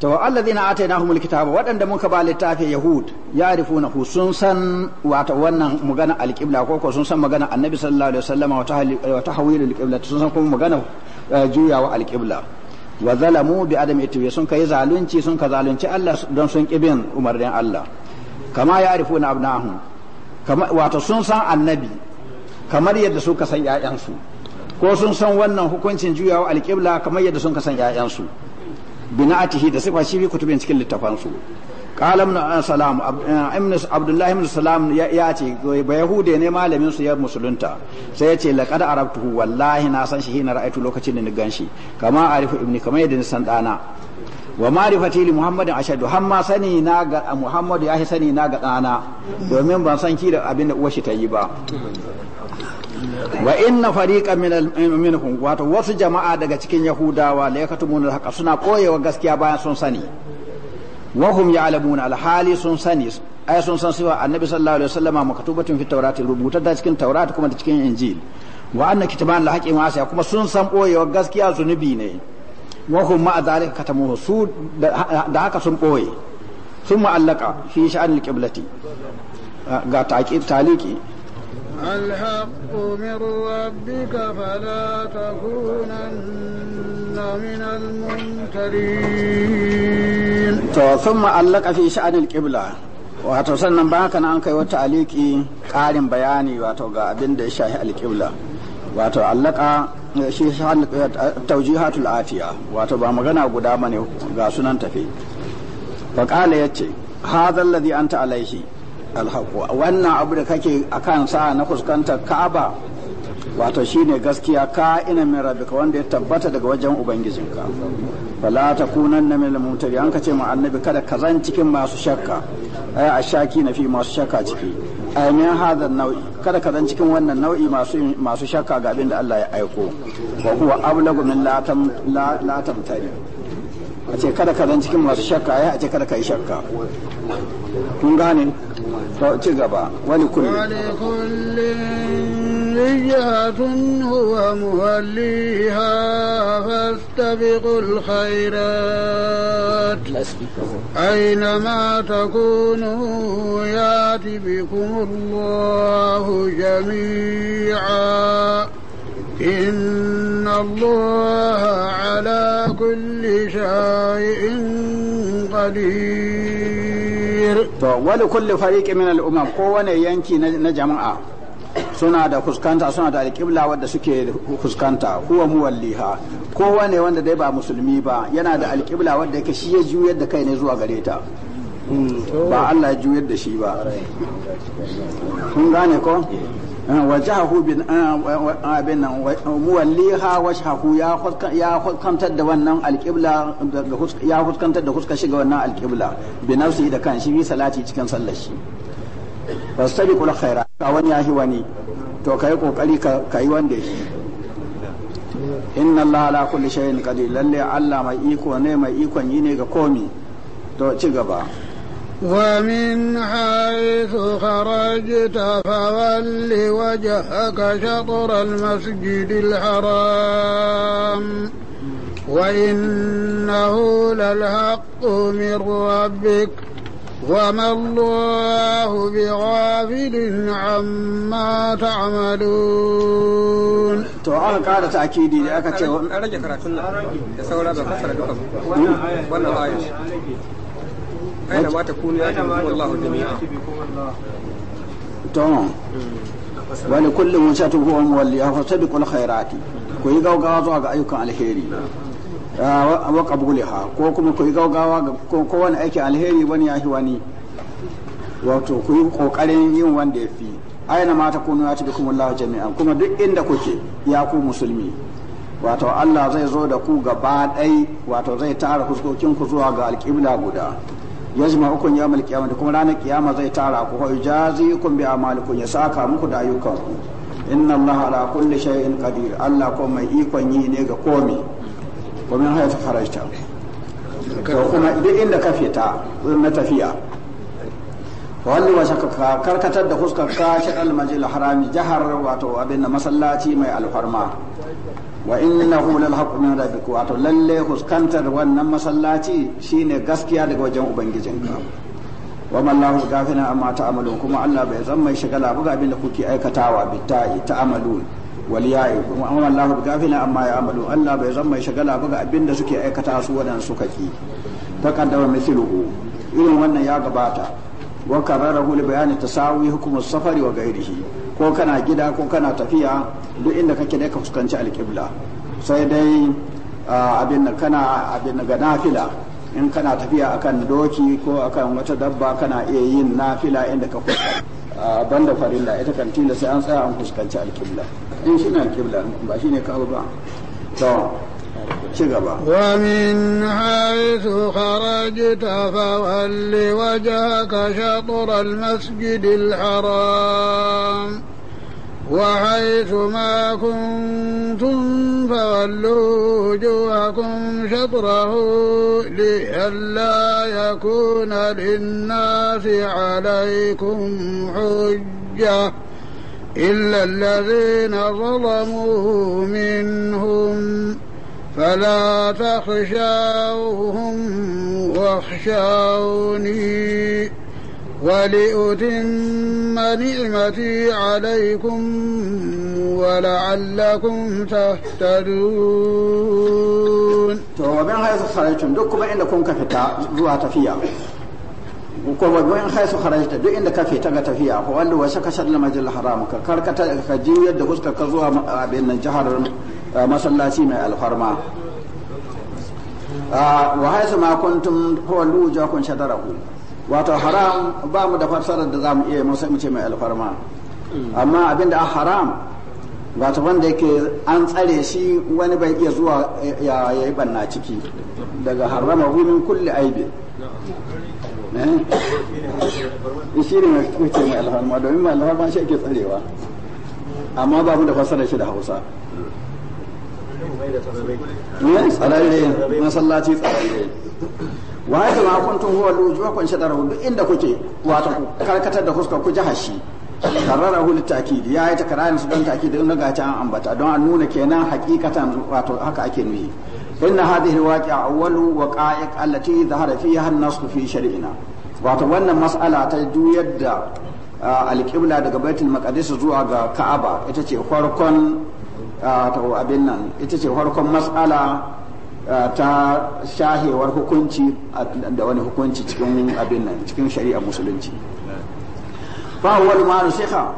to allazina atainahumul kitaba waɗanda muka ba littafi yahud yarifuna hu sun san wata wannan magana alqibla ko ko sun san magana annabi sallallahu alaihi wasallam wa tahwilul qibla sun san kuma magana eh, juyawa alqibla wa zalamu bi adam itibi sun kai zalunci sun ka zalunci Allah don sun kibin umarnin Allah kama yarifuna abnahum kama wato sun san annabi kamar yadda suka san ƴaƴansu ko sun san wannan hukuncin juyawa alqibla kamar yadda sun ka san ƴaƴansu bina'atihi da sifa shi bi kutubin cikin littafansu qala ibn salam eh, ibn abdullah ibn salam ya ce ba yahude ne malamin su ya musulunta sai ya ce laqad arabtuhu wallahi na san shi hina ra'aytu lokacin da ni ganshi kama arifu ibni kama yadda ni san dana wa ma'rifati li muhammadin ashadu hamma sani na ga muhammadu ya sani na ga dana domin ban san ki da abin da uwar shi ta yi ba wa inna min minhum wato wasu jama'a daga cikin yahudawa la yakatumun alhaqa suna koyewa gaskiya bayan sun sani wa hum ya'lamun alhali sun sani ay sun san cewa annabi sallallahu alaihi wasallama maktubatun fi tawrati rubuta da cikin tawrati kuma da cikin injil wa anna kitaban alhaqi ma sai kuma sun san koyewa gaskiya zunubi ne wa hum ma zalika katamuhu su da haka sun koye sun ma'allaka fi sha'anil qiblati ga ta'qiq taliki الحق من ربك فلا تكونن من الممترين to sun ma'allaka fi sha'anin kibla wato sannan ba haka an kai wata aliki ƙarin bayani wato ga abin da ya shahi alƙibla wato allaka shi taujihatul afiya wato ba magana guda bane ga sunan tafi faƙala ya ce hadha alladhi anta alaihi alhaku wannan abu da kake a kan sa na fuskantar ka'aba wato shi ne gaskiya ka ina min rabbika wanda ya tabbata daga wajen ubangijinka fala kunan min al-mumtari an kace ma annabi kada ka zan cikin masu shakka ai shaki na fi masu shakka ciki ai min hadan nau'i kada ka zan cikin wannan nau'i masu masu shakka ga abin da Allah ya aiko wa huwa ablagu min la tam la a ce kada ka zan cikin masu shakka ai a ce kada ka yi shakka kun gane تقبع ولكل ولكل wani هو موليها فاستبقوا الخيرات أينما تكونوا يات بكم الله جميعا إن الله على كل شيء قدير kafir to wali kulli fariki min al umam kowane yanki na jama'a suna da fuskanta suna da alƙibla wadda suke fuskanta huwa muwalliha wani wanda dai ba musulmi ba yana da alƙibla wadda yake shi ya juyar da kai ne zuwa gare ta hmm. ba Allah ya juyar da shi ba kun gane ko Ah, wajahu bin ah, abin nan muwalliha washahu ya ya fuskantar da wannan alqibla ya fuskantar da huska shiga wannan alqibla bi nafsi da kan shi bi salati cikin sallar shi fastabiqul khaira ka wani yahi wani to kai kokari ka kai wanda shi inna allaha ala kulli shay'in qadir lalle allah mai iko ne mai ikon yi ne ga komi to ci gaba ومن حيث خرجت فول وجهك شطر المسجد الحرام وانه للحق من ربك وما الله بغافل عما تعملون to an kara ta'kidi da aka ce wannan rage karatun da saura da fasara duka wannan ayat aina wani kullum wani wani walli kula khairati ku yi gaugawa zuwa ga ayyukan alheri wa qabuliha ko alheri wani ya wato ku yi kokarin yin wanda ya fi aina mata ya ci kuma Allah jami'an kuma duk inda kuke ya ku musulmi wato Allah zai zo da ku gaba ɗai wato zai tara fuskokin ku zuwa ga alƙibla guda yajma ukun yawmal qiyamah da kuma ranar kiyama zai tara ku fa yajazikum bi amalikum ya saka muku da ayyukanku inna allaha ala kulli shay'in qadir allah ko mai ikon yi ne ga komai ko min haythu kharajta ko kuma duk inda ka fita na tafiya walli wa shakka karkatar da fuskar ka shi almajil harami jahar wato abin masallaci mai alfarma wa innahu lal haqq min rabbika wato lalle huskantar wannan masallaci shine gaskiya daga wajen ubangijinka wa lahu gafina amma ta'malu kuma Allah bai zan mai shigala ba abin da kuke aikatawa bitta'i ta'malun wal ya'i kuma mallahu gafina amma ya'malu Allah bai zan mai shigala ba abin da suke aikata su wadan suka ki ta kaddara mithluhu irin wannan ya gabata wa hu li bayani tasawi hukumus safari wa ghairihi ko kana gida ko kana tafiya duk inda kake dai ka fuskanci alƙibla sai dai abin da kana abin ga nafila in kana tafiya akan doki ko akan wata dabba kana iya yin nafila inda ka fuskanta banda farilla ita kan tila sai an tsaya an fuskanci alƙibla in shi na alƙibla ba shi ne kawo ba to ومن حيث خرجت فول وجهك شطر المسجد الحرام وحيث ما كنتم فولوا وجوهكم شطره لئلا يكون للناس عليكم حجة إلا الذين ظلموا منهم فلا تخشوهم واخشوني ولأتم نعمتي عليكم ولعلكم تهتدون to bin haisu kharajtum duk ka fita ba bin haisu kharajta duk inda ka fita ga tafiya ko wanda wasa ka shalla majal haram ka karkata zuwa abin mai alfarma wa wato haram ba mu da fassarar da za mu iya mun sai mu ce mai alfarma amma abin da haram wato wanda yake an tsare shi wani bai iya zuwa ya yi banna ciki daga harama hu kulle aibe aibi eh? shi ne mai ce mai alfarma domin mai alfarma shi ake tsarewa amma ba mu da fassarar shi da hausa eh? tsararre masallaci tsararre wa haka ma kuntum huwa wujuhakum shadarahu duk inda kuke wato karkatar da fuskar ku jahashi kararahu takidi ya yi ta takararin su don takidi inda ga an ambata don a nuna kenan hakikatan wato haka ake nuni inna hadhihi waqi'a awwalu waqa'iq allati dhahara fiha an su fi shari'ina wato wannan mas'ala ta juyar da alƙibla daga baitul maqdis zuwa ga ka'aba ita ce farkon abin nan ita ce farkon mas'ala Ah, ta shahewar hukunci da wani hukunci cikin abin nan cikin shari'a musulunci fa wal ma nusikha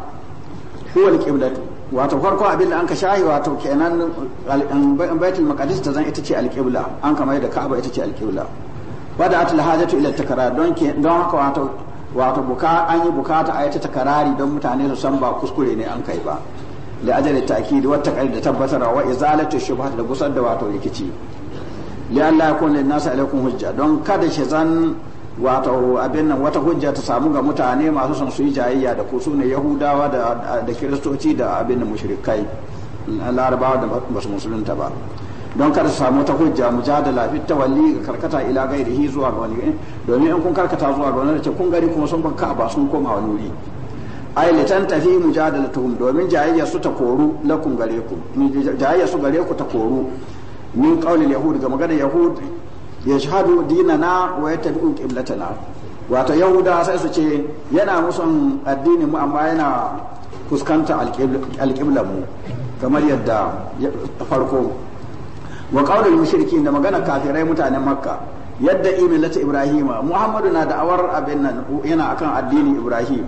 huwa al-qiblatu wato farko abin da an ka shahe wato kenan baitul maqdis ta zan ita ce al-qibla an kama da ka'aba ita ce al-qibla wada atul hajatu ila takrar don ke don haka wato wato buka an yi bukata a ta takarari don mutane su san ba kuskure ne an kai ba da ajali ta'kid wa taqrir da tabbatarwa wa izalatu shubhat da gusar da wato rikici ya Allah kun lin nasu alaikum hujja don kada shi zan wato abin nan wata hujja ta samu ga mutane masu son su yi jayayya da ku su ne yahudawa da kiristoci da abin nan mushrikai larabawa da basu musulunta ba don kada su samu ta hujja mujadala fit tawalli ga karkata ila gairihi zuwa ga wani domin in kun karkata zuwa ga wani ce kun gari kuma sun banka ba sun koma wani wuri ai litan tafi mujadalatuhum domin jayayya su ta koru lakum gare ku jayayya su gare ku ta koru min qaulil yahud ga magana yahud yashhadu dinana wa yattabi'u qiblatana wato yahuda sai su ce yana musan addinin mu amma yana fuskanta alƙiblar mu kamar yadda farko wa qaulul mushrikin da magana kafirai mutanen makka yadda imilata ibrahima muhammadu na da'awar abin nan yana akan addinin ibrahim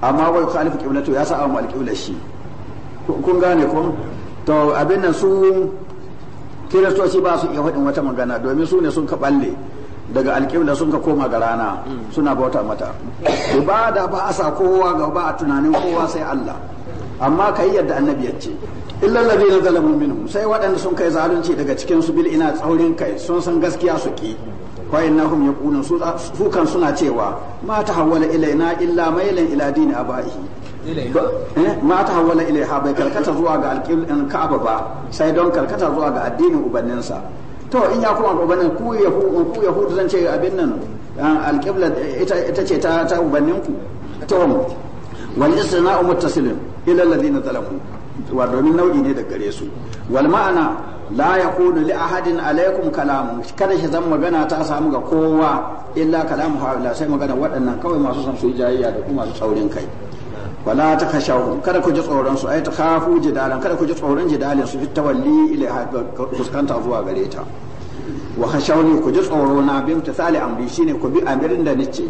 amma wai khalifu qiblatu ya sa'a mu alqiblar shi kun gane kun to abin nan su kiristoci ba su iya faɗin wata magana domin su ne sun ka balle daga alƙibla sun ka koma ga rana suna bauta mata ibada ba a sa kowa ga ba a tunanin kowa sai Allah amma ka yadda annabi yace ce lallabi ladina zalamu minhum sai waɗanda sun kai zalunci daga cikin su bil ina tsaurin kai sun san gaskiya su ki wa innahum yaqulun su kan suna cewa ma tahawwala ilaina illa mailan ila dini abaihi ma ta hawala ilaiha bai karkata zuwa ga alƙiblan ka'aba ba sai don karkata zuwa ga addinin ubanninsa to in ya kuma ubannin ku yahudu ku yahudu zan ce abin nan alƙibla ita ce ta ta ubanninku to wal istina'u muttasilin ila alladhina zalamu wa domin nau'i ne da gare su wal ma'ana la yakunu li ahadin alaikum kalamu kada shi zan magana ta samu ga kowa illa kalamu hawla sai magana waɗannan kawai masu son su jayayya da kuma su saurin kai wala ta kashawu kada ku ji tsoron su ai ta kafu jidalan kada ku ji tsoron jidalin su fit tawalli ila fuskanta zuwa gare ta wa khashawni ku ji tsoro na bin tasali amri shine ku bi amirin da nace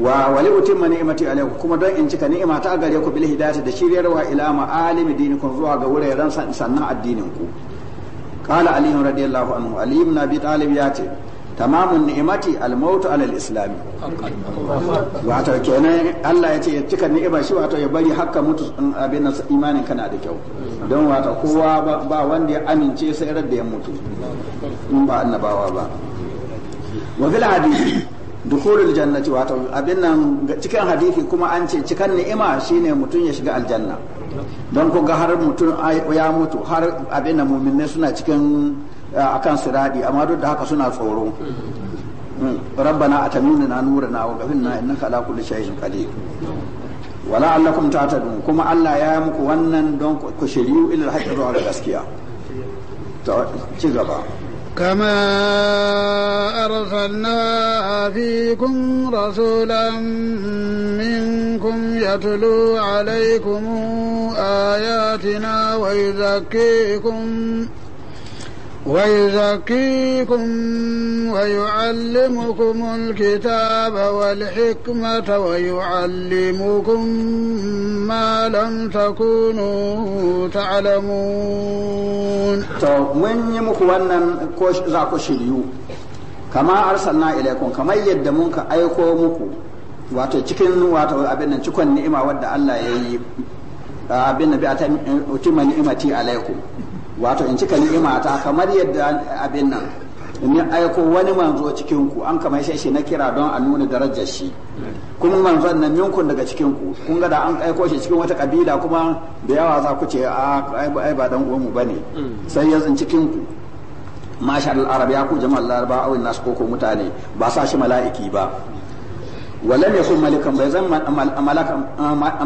wa wali mani imati alaiku kuma don in cika ni'ima ta gare ku bil hidayati da wa ila ma'alimi dinikum zuwa ga wuraren sannan addinin ku qala ali radiyallahu anhu ali ibn abi talib ya ce tamamun ni'imati al-mautu alal islami wato kenan Allah ya ce ya cika ni'ima shi wato ya bari haka mutu abin imanin kana da kyau don wato kowa ba wanda ya amince sai da ya mutu in ba annabawa ba wa fil hadisi dukhulul jannati wato abin nan cikin hadisi kuma an ce cikan ni'ima shine mutum ya shiga aljanna don ko ga har mutum ya mutu har abin nan mu'minai suna cikin akan siradi amma duk da haka suna tsoro mm. rabbana atamimna nurana wa ghfirna innaka ala kulli shay'in qadir wala allakum ta'tadun kuma Allah ya yi muku wannan don ku shiriyu ila alhaqqi zuwa gaskiya to ci gaba كما أرسلنا فيكم رسولا منكم يتلو عليكم آياتنا ويزكيكم ويزكيكم ويعلمكم الكتاب والحكمة ويعلمكم ما لم تكونوا تعلمون to mun yi muku wannan za ku shiryu kama arsalna ilaikum kamar yadda mun ka aiko muku wato cikin wato abin cikon ni'ima wadda Allah ya yi abin nabi ta eh, utima ni'imati alaikum wato in cika ni'imata kamar yadda abin nan in aiko wani manzo cikin ku an kama shi na kira don a nuna darajar shi kuma manzon nan minkun daga cikin ku kun ga da an aiko shi cikin wata kabila kuma da yawa za ku ce a ai ba dan uwanmu bane sai ya zin cikin ku mashal arab ya ku jama'al arab awin nas ko mutane ba sa shi mala'iki ba ولم يكن ملكا بيزن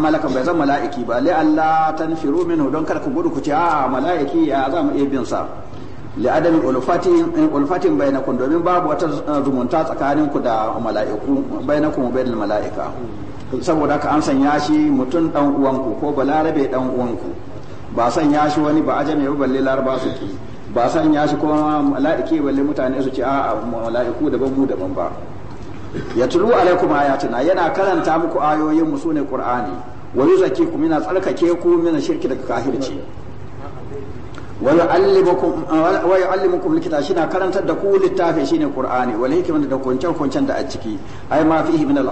ملكا بيزن ملائكي با لألا تنفروا منه دون كركم قدو كتيا ملائكي يا عظام ابن صار لعدم ألفاتهم ألفاتهم بينكم دومين باب وتزمونتا تكانكم دا ملائكو بينكم وبين الملائكة saboda haka an sanya shi mutum dan uwanku ko balarabe dan uwanku ba sanya shi wani ba ajami ba balle su ki ba sanya shi kuma mala'iki balle mutane su ci a'a mala'iku daban mu daban ba tulu alaikum ayatuna yana karanta muku ayoyin mu sune qur'ani wa yuzakkikum yana tsarkake ku min shirki daga kafirci wa yu'allimukum wa yu'allimukum alkitaba shina karantar da ku littafi shine qur'ani wal hikmata da kuncan kuncan da a ciki ai ma fihi min al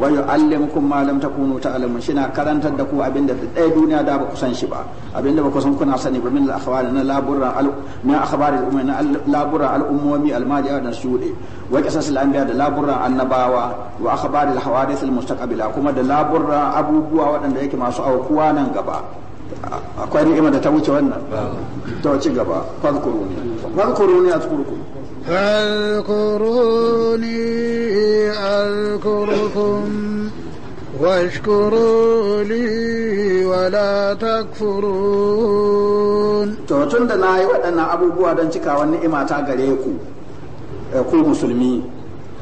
wa yu'allimukum ma lam takunu ta'lamun shi na karantar da ku abinda da ɗaya duniya da ba ku san shi ba abinda ba ku san kuna sani ba min al na labura min na labura da wa da labura annabawa wa akhbar al kuma da labura abubuwa waɗanda yake masu aukuwa nan gaba akwai ni'ima da ta wuce wannan gaba fadkuruni fadkuruni فاذكروني أذكركم washkuru li wala takfurun to tun da na yi waɗannan abubuwa don cikawa ni'ima ta gare ku eh, ku musulmi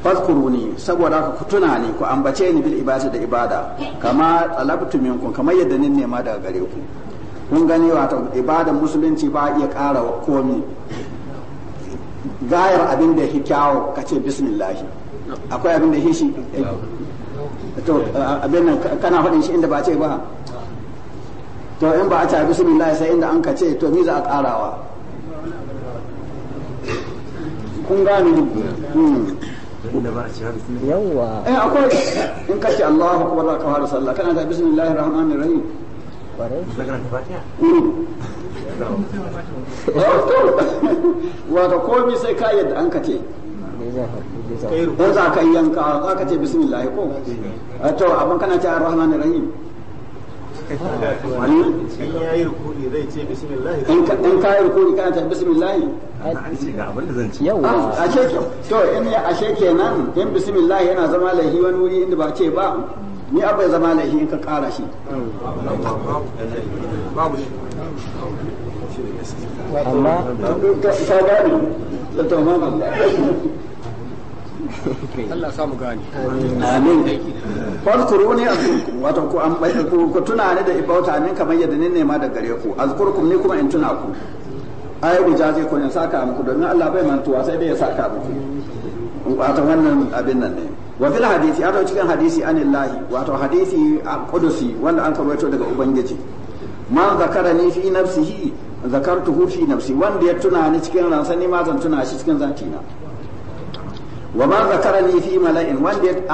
fadkuru ni saboda ku tuna ni ku ambace ni bil ibada da ibada kama talabtu minkum kamar yadda ni nema daga gare ku kun gani wato ibadan musulunci ba iya ƙara komi gayar abin da ya fi kyawo ka ce bismillahi akwai abin da yake shi to abin nan kana faɗin shi inda ba ce ba to in ba a ce bismillahi sai inda an ka ce to ni za a ƙarawa kun gane hmm. yawa eh akwai in ka ce Allahu akbar ka fara sallah kana da bismillahir rahmanir rahim wato komi sai ka yadda an ka ce don za ka yanka za ka ce bismillah ko eh, to abin kana ce ar-rahman rahim wani in ya yi rukuni zai ce bismillah in ka yi rukuni kana ce bismillah an ce ga abin ah, da zan yawa ashe to in ya ashe kenan in bismillah yana zama lahi wani wuri inda ba ce ba ni abai zama laifi in ka kara shi amma ta gane da tamamin Allah samu gane amin fadkuru ne azkurkum wato ku an bai ku ku tuna ne da ibauta min kamar yadda ne nema da gare ku azkurkum ni kuma in tuna ku ai guja zai ku ne saka muku domin Allah bai mantuwa sai dai ya saka muku wato wannan abin nan ne wa fil hadisi a cikin hadisi anillahi wato hadisi kudusi wanda an karwato daga ubangiji ma zakarani fi nafsihi tuhu fi nafsi wanda ya tuna ni cikin ransa ni ma zan tuna shi cikin zantina wa ma zakarani fi mala'in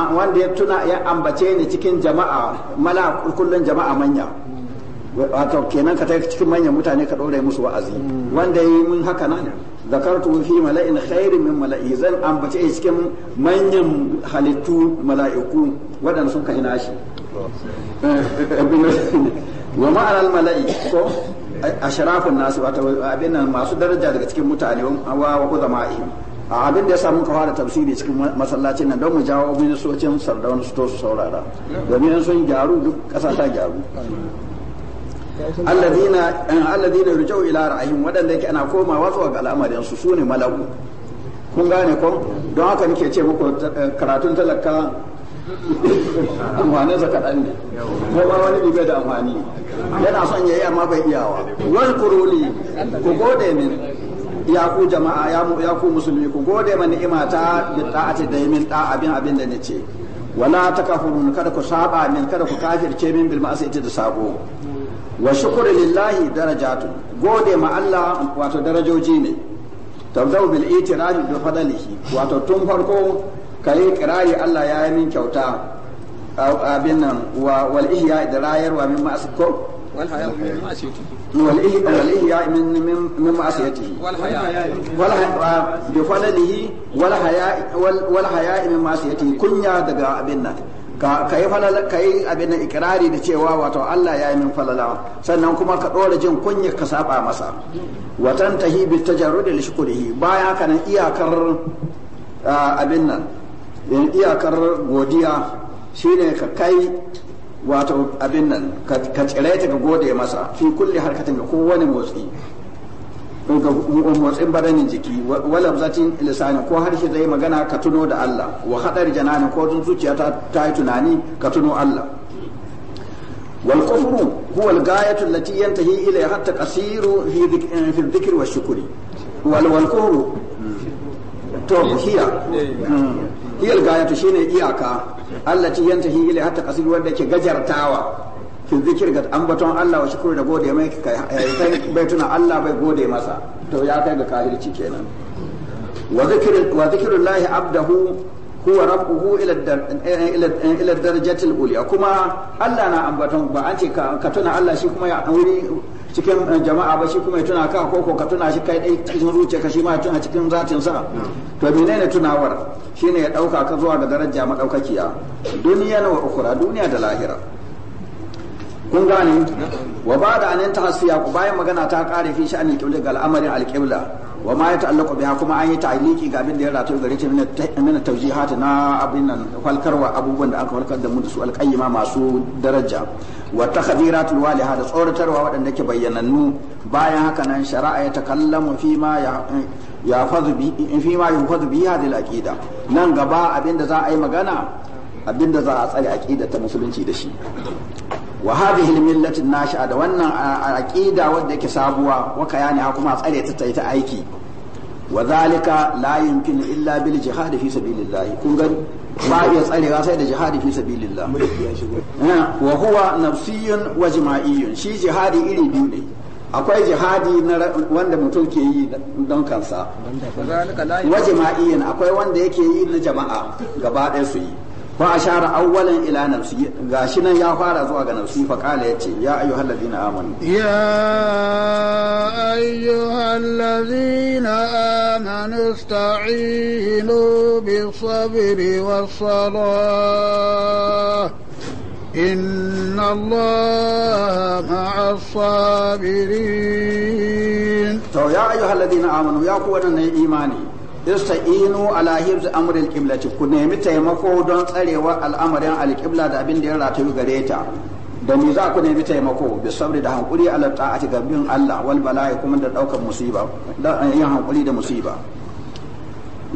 wanda ya tuna ya ambace ni cikin jama'a mala kullun jama'a manya wato kenan ka ta cikin manyan mutane ka dore musu wa'azi wanda yi mun haka nan zakartu fi mala'in khairin min mala'i zan ambace cikin manyan halittu mala'iku waɗanda sun kai nashi wa ma'anar mala'i ko ashrafun nasu wata abin nan masu daraja daga cikin mutane wa a abin da ya samu kawo da tafsiri cikin masallacin nan don mu jawo wani sardauna su to su saurara domin sun gyaru duk ƙasa ta gyaru alladina eh, alladhina yurja'u ila ra'ayin wadanda yake ana komawa zuwa ga al'amarin su sune malaku kun gane ko don haka nake ce muku eh, karatun talaka amfanin sa kaɗan ne ko ma wani bai da amfani yana son yayi amma bai iyawa wal kuruli ku gode min ya ku jama'a ya mu ya ku musulmi ku gode ma ni'imata bi ta'ati da min ta abin abin da nace wala takafurun kada ku saba min kada ku kafirce min bil ma'asi da sabo wa shukru lillahi darajatu gode ma Allah wato darajoji ne tabdau bil bi fadlihi wato tun farko kai kirari Allah ya yi min kyauta abin nan wa wal ihya da rayarwa min wal haya wal ihya min wal haya wal haya bi fadlihi wal haya wal haya min kunya daga abin nan ka yi abin da ikirari da cewa wato Allah ya yi min falala sannan kuma ka ɗora jin kunya ka saba masa watan tahi bi tajarrud da shukrihi bayan baya nan iyakar abin nan iyakar godiya shine ka kai wato abin nan ka tsire ta ka gode masa fi kulli harkatin ga kowane motsi ga motsin baranin jiki wala zatin lisanin ko harshe zai magana ka tuno da Allah wa hadar janani ko tun zuciya ta ta yi tunani ka tuno Allah wal kufru huwa al gayatu allati yantahi ilayha hatta qasiru fi eh, fi dhikri wa shukri wal wal kufru to hiya hiya al gayatu shine iyaka allati yantahi ilayha hatta qasiru wanda ke gajartawa kin zikir ga ambaton Allah wa shukuru da gode mai kai eh, bai tuna Allah bai gode masa to ya kai ga kahirci kenan wa zikru wa zikru Allah abdahu huwa rabbuhu ila ila darajatil ulya kuma Allah na ambaton ba an ce ka tuna Allah shi kuma ya wuri cikin eh, jama'a ba shi kuma ya tuna ka ko ko ka tuna shi kai dai cikin zuciya ka shi ma ya tuna cikin zatin sa to menene tunawar shine ya dauka ka zuwa ga daraja madaukakiya duniya na wa ukhra duniya da lahira kun gane wa ba da anin tahasiya ku bayan magana ta kare fi sha'anin qibla ga al'amarin al-qibla wa ma ya ta'allaqu biha kuma an yi ta'liqi ga abin da ya ratu gare ta min tawjihat na abin nan falkarwa abubuwan da aka falkar da mu da su alqayyima masu daraja wa takhdirat waliha da tsoratarwa waɗanda ke bayyanannu bayan haka nan shari'a ya takallamu fi ma ya bi fi ma yufazu bi hadhihi al-aqida nan gaba abin da za a yi magana abin da za a tsare aqida ta musulunci da shi wa hadhihi al-millati nashi'a da wannan aqida wanda yake sabuwa wa kayani ha kuma tsare ta ta aiki wa zalika la yumkinu illa bil jihad fi sabilillah kun ga ba iya tsarewa sai da jihadi fi sabilillah eh, wa huwa nafsiyyun wa jima'iyyun shi jihadi iri biyu ne akwai jihadi wanda mutum ke yi don kansa wa jima'iyyan akwai wanda yake yi na jama'a gaba ɗaya su yi fa ashara awwalan ila nafsi gashi nan ya fara zuwa ga nafsi fa kala yace ya ayyuhal ladina amanu ya ayyuhal ladina amanu ista'inu bis sabri was salah إن الله مع الصابرين تو يا أيها الذين آمنوا يا قوانا إيماني ista'inu ala hibz amr al-qiblati ku nemi taimako don tsarewa al'amarin al-qibla da abin da ya ratayu gare ta da mu za ku nemi taimako bi sabri da hankuri ala ta'ati ga bin Allah wal bala'i kuma da daukar musiba da yin hankuri da musiba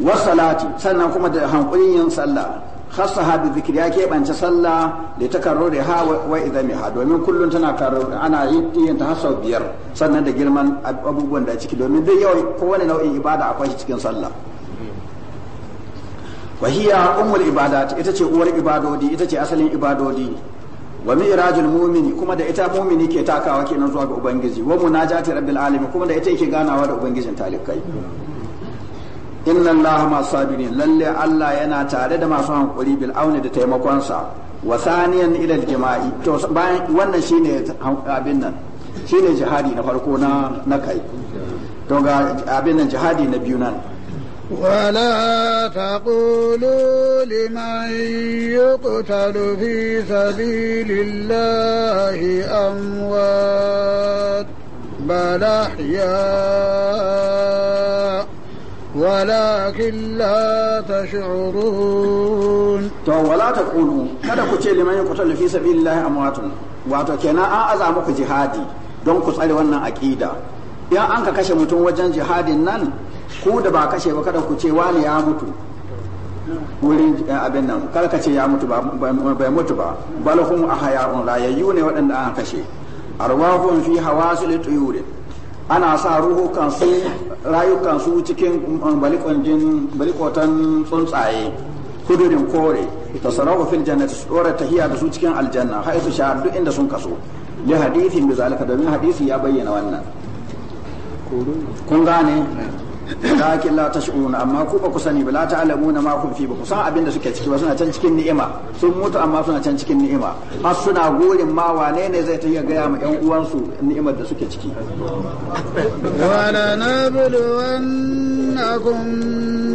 wa salati sannan kuma da hankuri yin sallah hassa bi zikri ya keɓance sallah da ta da ha wa idan ha domin kullum tana karo ana yin ta hasau biyar sannan da girman abubuwan da ciki domin duk yau kowane nau'in ibada akwai shi cikin sallah wa hiya umul ibadat ita ce uwar ibadodi ita ce asalin ibadodi wa mi'rajul mu'mini kuma da ita mu'mini ke takawa kenan zuwa ga ubangiji wa munajati rabbil alamin kuma da ita yake ganawa da ubangijin talikai inna allaha ma sabirin lalle allah yana tare da masu hankuri bil auni da taimakonsa wa saniyan ila jima'i to bayan wannan shine abin nan shine jihadi na farko na na kai to ga abin nan jihadi na biyu nan ولا تقولوا لمن يقتل في سبيل الله أموات بل أحياء ولكن لا تشعرون تو ولا تقولوا kada ku ce liman yaqtalu fi sabilillahi amwatun wato kenan an aza muku jihadi don ku tsare wannan aqida in an ka kashe mutum wajen jihadin nan ku da ba kashe ba kada ku ce wani ya mutu wurin eh, abin nan kada ka ce ya mutu ba bai mutu ba balahum ahya'un rayayyu ne waɗanda an kashe arwahum fi hawasil tuyurin ana sa rayukan rayukansu cikin um, balikotan tsuntsaye kudurin kore ta sarrafa fil jannati su dora tahiya da su cikin aljanna har su sha duk inda sun kaso li hadithin bi zalika domin hadisi ya bayyana wannan kun gane lakin la tash'un amma ku ba ku sani ba la ta'lamuna ma kun fi ba ku san abin da suke ciki ba suna can cikin ni'ima sun mutu amma suna can cikin ni'ima har suna gurin ma wane ne zai ta ga gaya ma yan uwansu ni'imar da suke ciki wa la nabluwannakum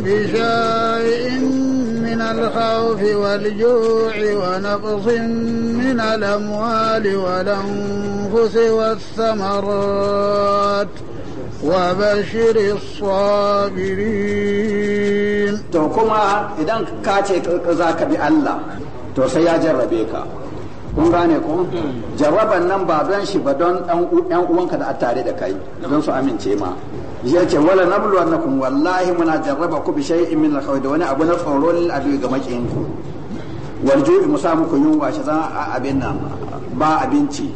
bi shay'in من الخوف والجوع ونقص من الأموال والأنفس والثمرات وبشر الصابرين to kuma idan ka ce za تو bi Allah to sai ya jarrabe ka kun gane ko jarraban nan ba don shi ba don ɗan uwanka da tare da kai don su amince ma ya ce wala na annakum wallahi muna jarraba ku bi shay'in min al da wani abu na tsoro lil adu ga makiyin ku wal ju'i musa muku yunwa shi zan abin nan ba abinci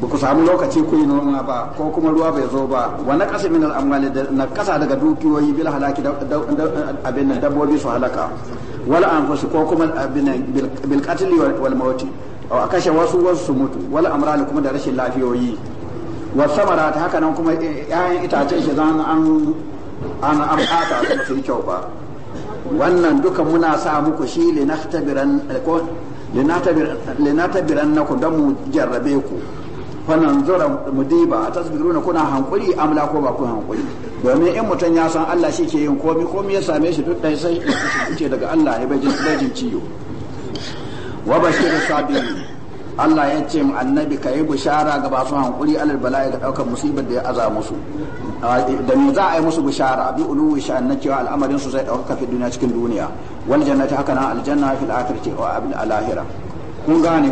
ba ku samu lokaci ku yi noma ba ko kuma ruwa bai zo ba wa na kasa min al'amali na kasa daga dukiyoyi bil halaki abin da dabbobi su halaka an anfusu ko kuma abin bil katili wal mauti a kashe wasu wasu su mutu wal amrali kuma da rashin lafiyoyi wa ta haka nan kuma eh, ƴaƴan itace shi zan an an an fata su sun kyau ba wannan duka muna sa muku shi linahtabiran eh, ko linahtabir na naku don mu jarrabe ku fannan zura mudiba a tasbiruna kuna hankuri amla ko ba ku hankuri domin in mutum ya san Allah shi ke yin komi komi ya same shi duk dai sai ce daga Allah ya bai jin ciyo wa bashir sabiri Allah ya ce mu annabi ka yi bishara ga basu hankuri alal bala'i ga daukar musibar da ya aza musu da me za a yi musu bishara bi uluwi sha'an na cewa al'amarin su zai dauka fi duniya cikin duniya wal jannati haka nan aljanna fil akhirati wa abil alahira kun gane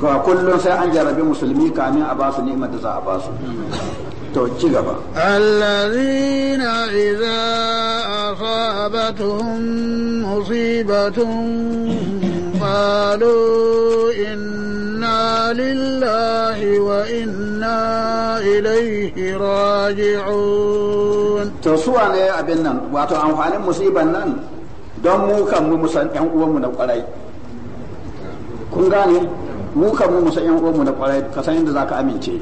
ga kullum sai an jarabi musulmi kamin a basu ni'imar da za a basu to ci gaba allazina idza asabatuhum musibatun qalu inna lillahi wa inna ilaihi raji'un to suwa ne abin nan wato amfanin musiban nan don mu kan mu musan yan uwanmu na kwarai kun gane mu kan mu musa yan uwanmu na kwarai ka san yadda zaka amince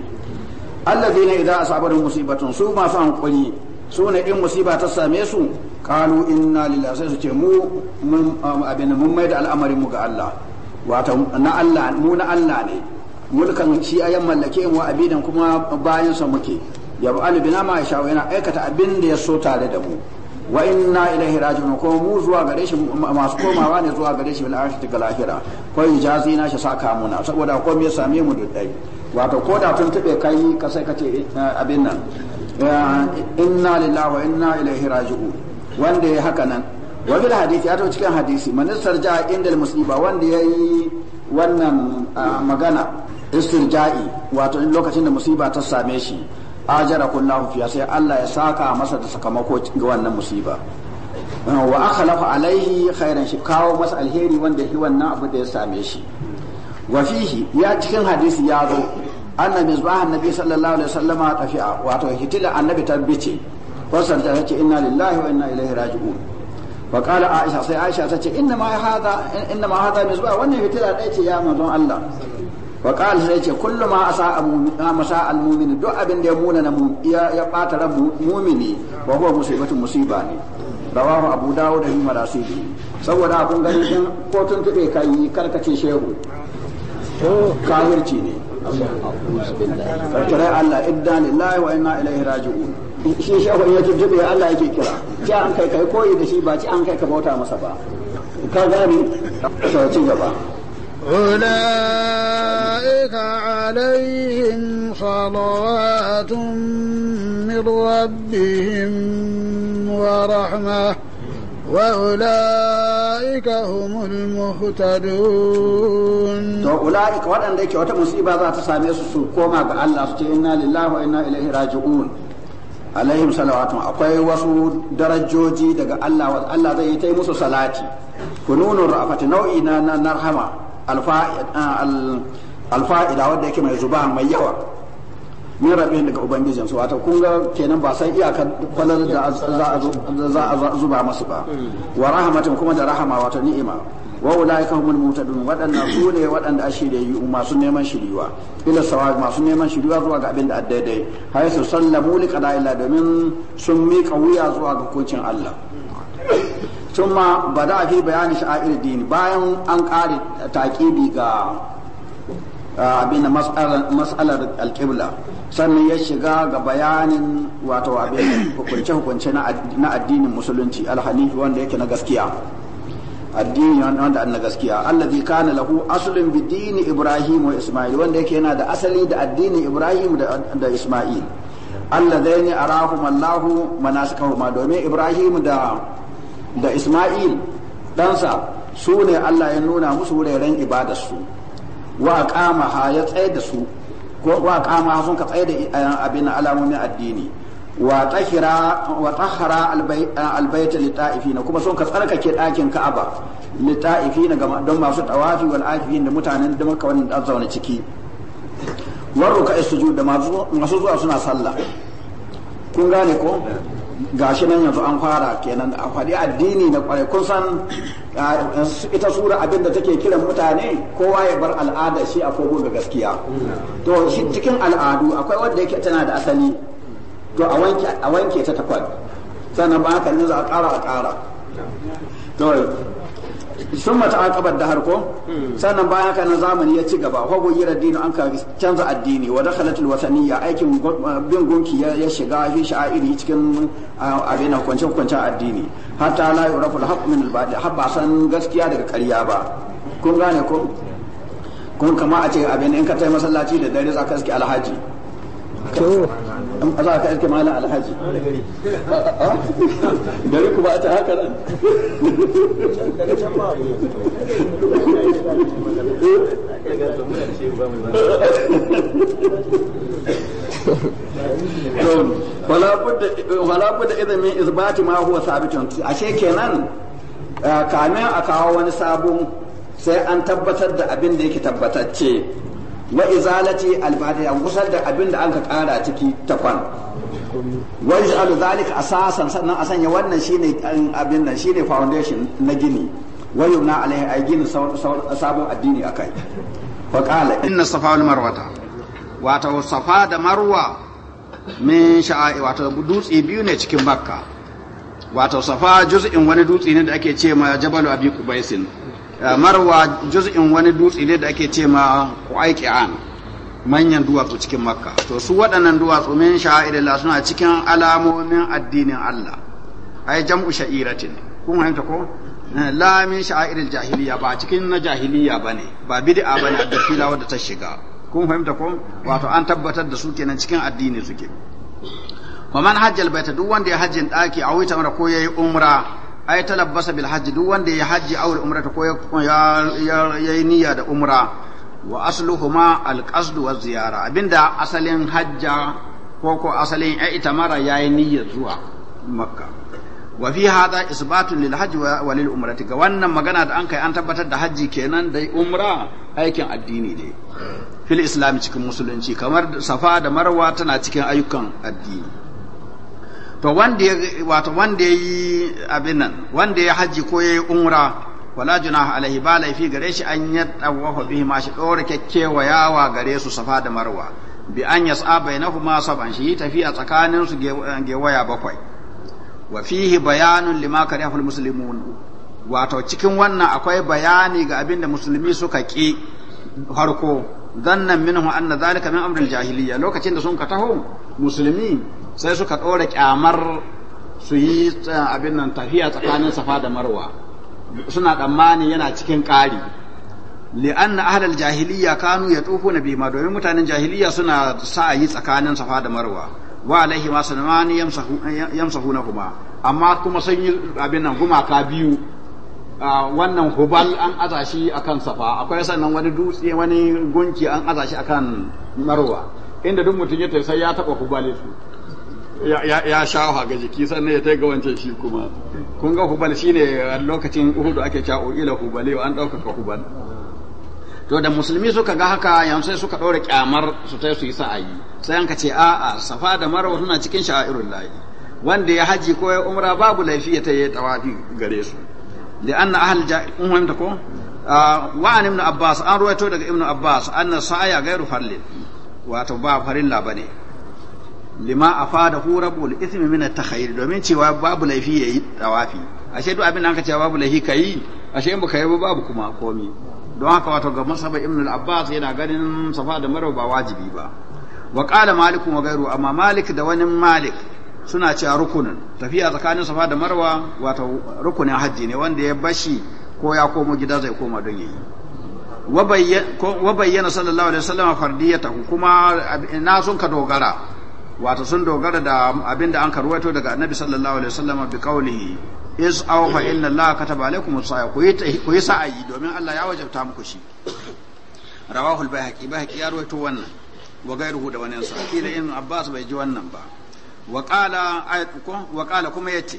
allazina idza asabatu musibatun su masu hankuri su ne in musiba ta same su kalu inna lillahi sai su ce mu mun um, abin mun mai da al'amarin mu ga Allah wato na Allah mu na Allah ne mulkan shi ayan mallake mu abidan kuma bayan sa muke yabu bina ma ya yana aikata abin da ya so tare da mu wa inna ilaihi raji'un ko mu zuwa gare shi masu komawa ne zuwa gare shi bil akhirati gal akhirah ko ijazi na shi saka muna saboda ko me same mu da dai wato ko da tun tube kai ka sai ka ce eh, abin nan inna lillahi wa inna ilaihi raji'un wanda ya haka nan wa bil hadisi ato cikin hadisi man ja inda al musiba wanda yayi wannan ah, magana istirja'i wato lokacin da musiba ta same shi ajara kullahu fiya sai Allah ya saka masa da sakamako ga wannan musiba wa akhlafa alaihi khairan shi kawo masa alheri wanda shi wannan abu da ya same shi wa fihi ya cikin hadisi ya zo anna mizbahan nabi sallallahu alaihi wasallam tafiya. wato hitila annabi tabbice wasan ta ce inna lillahi wa inna ilaihi raji'un wa qala aisha sai aisha ta ce inna ma hadha inna ma hadha mizbah wannan hitila dai ce ya manzon Allah wa qala sai ce kullu ma asa abu masa al mu'min duk abin da ya muna na ya ya bata rabu mu'mini wa huwa musibatu musiba ne rawahu abu dawo da himara marasidi saboda abun gani din ko tun tube kai karkace shehu kafirci ne فترى الله إدى لله وإنا إليه راجعون shi shehun ya tuntube Allah yake kira ci an kai kai koyi da shi ba ci an kai ka bauta masa ba ka gane to ci gaba أولئك عليهم صلوات من ربهم ورحمة وأولئك هم المهتدون to ulaika waɗanda yake wata musiba za ta same su koma ga Allah su ce inna lillahi wa inna ilaihi raji'un alaihim salawatun akwai wasu darajoji daga Allah Allah zai yi ta musu salati kununur rafati nau'i na na rahama Ah, alfa'ida wadda yake mai zuba mai yawa min rabi daga ubangijin su wata kun ga kenan ba sai iyakar kwalar da za a zuba masu ba wa rahamatin kuma da rahama wata ni'ima wa kawo mulmuta dun waɗanda su ne waɗanda a shirya yi masu neman shiriwa ila sawa masu neman shiriwa zuwa ga abin da daidai hay su sallamu li qada'illa domin sun miƙa wuya zuwa ga hukuncin Allah thumma bada fi bayani sha'air din bayan an kare taqibi ga abin mas'alar alqibla sannan ya shiga ga bayanin wato abin hukunce hukunce na addinin musulunci alhanif wanda yake na gaskiya addini wanda an na gaskiya allazi kana lahu aslun bi dini ibrahim wa isma'il wanda yake yana da asali da addinin ibrahim da isma'il allazaini arahum allahu manasikahuma domin ibrahim da da Isma'il ɗansa su ne Allah ya nuna musu wuraren ibadarsu wa ha ya tsaye da su wa ha sun ka tsaye da eh, abin alamomin addini wa tahira albaita tahara eh, kuma sun ka tsarkake ɗakin Ka'aba lita'ifina don masu tawafi wal da mutanen da maka wani da zaune ciki warruka sujud da masu zuwa suna sallah kun gane ko gashi nan yanzu an fara kenan a faɗi addini na kwarai kun san ita sura abin da take kiran mutane kowa ya bar al'ada shi a kogo ga gaskiya to cikin al'adu akwai wanda yake tana da asali to a wanke a wanke ta takwal sannan ba haka ne za a ƙara a ƙara to sun mata aqabar da harko hmm. sannan bayan haka na zamani ya ci gaba fa goyira dini an ka canza addini wa dakhalat alwataniyya aikin bin gunki ya shiga fi sha'iri cikin abin kwance kwancin addini hatta la yurafu alhaq min albadi habba san gaskiya daga ƙarya ba kun gane ko kun kama a ce abin in ka tai masallaci da dare zaka ka alhaji to za ka iske malam alhaji gari ku ba ta haka nan wala budda idan min isbati ma huwa sabitun ashe kenan eh, kamin a kawo wani sabon sai an tabbatar da abin da yake tabbatacce wa izalati albadiya gusar da abin da anka kara ciki ta kwan wa yaj'alu zalika asasan sannan a sanya wannan shine abin nan shine foundation na gini wa yubna alaihi ay gini sabon addini akai fa qala inna safa wal marwata wato safa da marwa min sha'a'i wato dutse biyu ne cikin makka wato safa juz'in wani dutse ne da ake ce ma jabalu abi kubaisin Eh, marwa juz'in wani dutse ne da ake ce ma an manyan duwatsu cikin makka to su waɗannan duwatsu min Allah suna cikin alamomin addinin Allah ai jam'u sha'iratin kun hanta ko eh, la min sha'iril jahiliya ba cikin na jahiliya bane ba bid'a bane da fila wadda ta shiga kun fahimta ko wato an tabbatar da su kenan cikin addini suke wa man hajjal baita duk wanda ya hajjin daki a wuta mara ko yayi umra ai talabbasa bil hajji duk wanda ya hajji aw umrata ko ya yi niyya da umra wa asluhuma al qasd wa ziyara abinda asalin hajja ko ko asalin ai itamara yayi niyya zuwa makka wa fi hada isbatun lil hajji wa lil umrati ga wannan magana da an kai an tabbatar da hajji kenan dai umra aikin addini ne fil islam cikin musulunci kamar safa da marwa tana cikin ayyukan addini to wanda wato wanda yayi abin nan wanda ya haji ko yayi umra wala junaha alaihi ba laifi gare shi an yatawafa bihi ma shi dora kekkewa yawa gare su safa da marwa bi an yas'a bainahuma saban shi tafiya tsakanin su gewaya bakwai wa fihi bayanun lima karihul muslimun wato cikin wannan akwai bayani ga abin da musulmi suka ki harko zannan minhu anna zalika min amril jahiliya lokacin da sun ka taho musulmi sai suka ɗora kyamar su yi eh, abin nan tafiya tsakanin safa da marwa suna tsammani yana cikin ƙari li'anna ahlal jahiliya kanu ya tufu na bima domin mutanen jahiliya suna sa yi tsakanin safa da marwa wa alaihi ma sanamani yamsahuna kuma amma kuma sun yi abin nan gumaka biyu Ah, wannan hubal an aza shi akan safa akwai sannan wani dutse wani gunki an aza shi akan marwa inda duk mutum ya sai ya taba hubal su ya shawa ga jiki sannan ya taiga wancan shi kuma kun ga hubal shine lokacin uhudu ake cewa ila hubale an ɗaukaka hubal to da musulmi suka ga haka yanzu sai suka ɗora kyamar su ta su yi sa'ayi sai an ka ce a'a safa da marwa suna cikin sha'irullahi wanda ya haji ko ya umra babu laifi ya ta yi tawafi gare su لأن أهل الجاهل المهم تكون Abbas ابن عباس أن رويته لك ابن عباس أن السعي غير فرل وتبع فرل بني lima a fada hurabu ismi min at domin cewa babu laifi yayi tawafi ase duk abin da aka cewa babu laifi kai ashe in baka yi ba babu kuma komi don haka wato ga masaba ibn al-abbas yana ganin safa da marwa ba wajibi ba wa qala malik wa ghayru amma malik da wani malik suna cewa rukunin tafiya tsakanin safa da marwa wato rukunin hajji ne wanda ya bashi ko ya komo gida zai koma don yayi wa bayyana sallallahu alaihi wasallam fardiyatahu kuma na sun ka dogara wato sun dogara da abinda an karwato daga annabi sallallahu alaihi wasallam bi qawlihi is aw fa inna allaha kataba alaikum as-sa'a ku yi sa'ayi domin Allah ya wajabta muku shi rawahul al-bayhaqi bayhaqi ya rawaito wannan wa gairuhu da wannan sa kila in abbas bai ji wannan ba waƙala kuma ya ce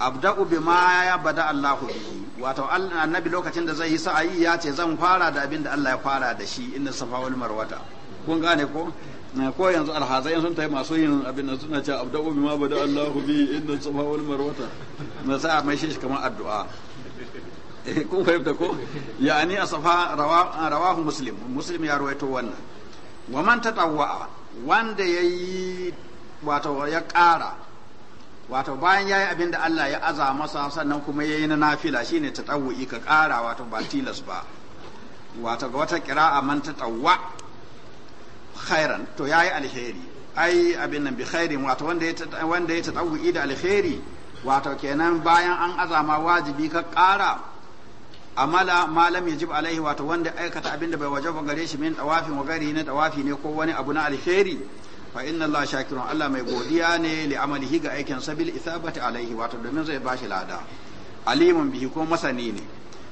abda'u bi ma bada Allahu bihi wato annabi lokacin da zai yi sa'ayi yi yace zan fara da abin da Allah ya fara da shi inna safa wal marwata kun ko ko yanzu alhazai sun tayi masu yin abin nan suna cewa abda'u ma bada Allahu bihi inna safa wal na sa mai shi kamar addu'a kun fahimta ko yani asafa rawahu muslim muslim ya ruwaito wannan wa man tatawwa wanda yayi wato ya ƙara wato bayan ya yi abin da Allah ya aza masa sannan kuma ya yi na nafila shi ne taɗawu'i ka ƙara wato ba tilas ba wato ga wata a man taɗawwa khairan to ya yi alheri ai abin nan bi khairin wato wanda ya ta ya da alheri wato kenan bayan an azama wajibi ka ƙara amala malam yajib alaihi wato wanda aikata abin da bai ba gare shi min tawafin wa gari na tawafi ne ko wani abu na alheri fa inna Allah shakirun Allah mai godiya ne li amalihi ga aikin sabil isabati alaihi wato domin zai bashi lada alimun bihi ko masani ne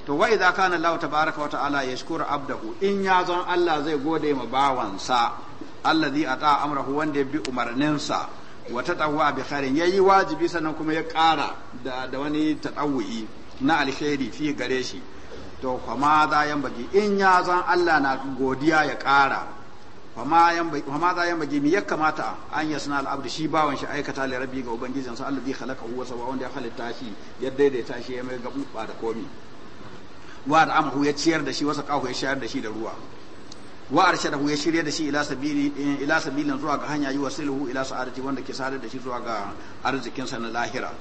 to wa idza kana Allah tabaaraka wa ta'ala yashkuru abdahu in ya zan Allah zai gode ma bawansa allazi ata amrahu wanda ya bi umarninsa wa tatawwa bi khairin yayi wajibi sannan kuma ya kara da da wani tatawwi na alkhairi fi gare shi to kuma za yan baki in ya zan Allah na godiya ya kara. fama za yan bagi mi ya kamata an ya suna al'abdu shi bawan shi aikata li rabbi ga ubangijin sa allazi khalaqahu wa sawa wanda ya halitta shi ya daidaita shi ya mai gabuba da komi wa da amhu ya ciyar da shi wasa kahu ya shayar da shi da ruwa wa arshadahu ya shirya da shi ila sabili ila sabilin zuwa ga hanya yi wasiluhu ila sa'adati wanda ke sadar da shi zuwa ga arzikin sa na lahira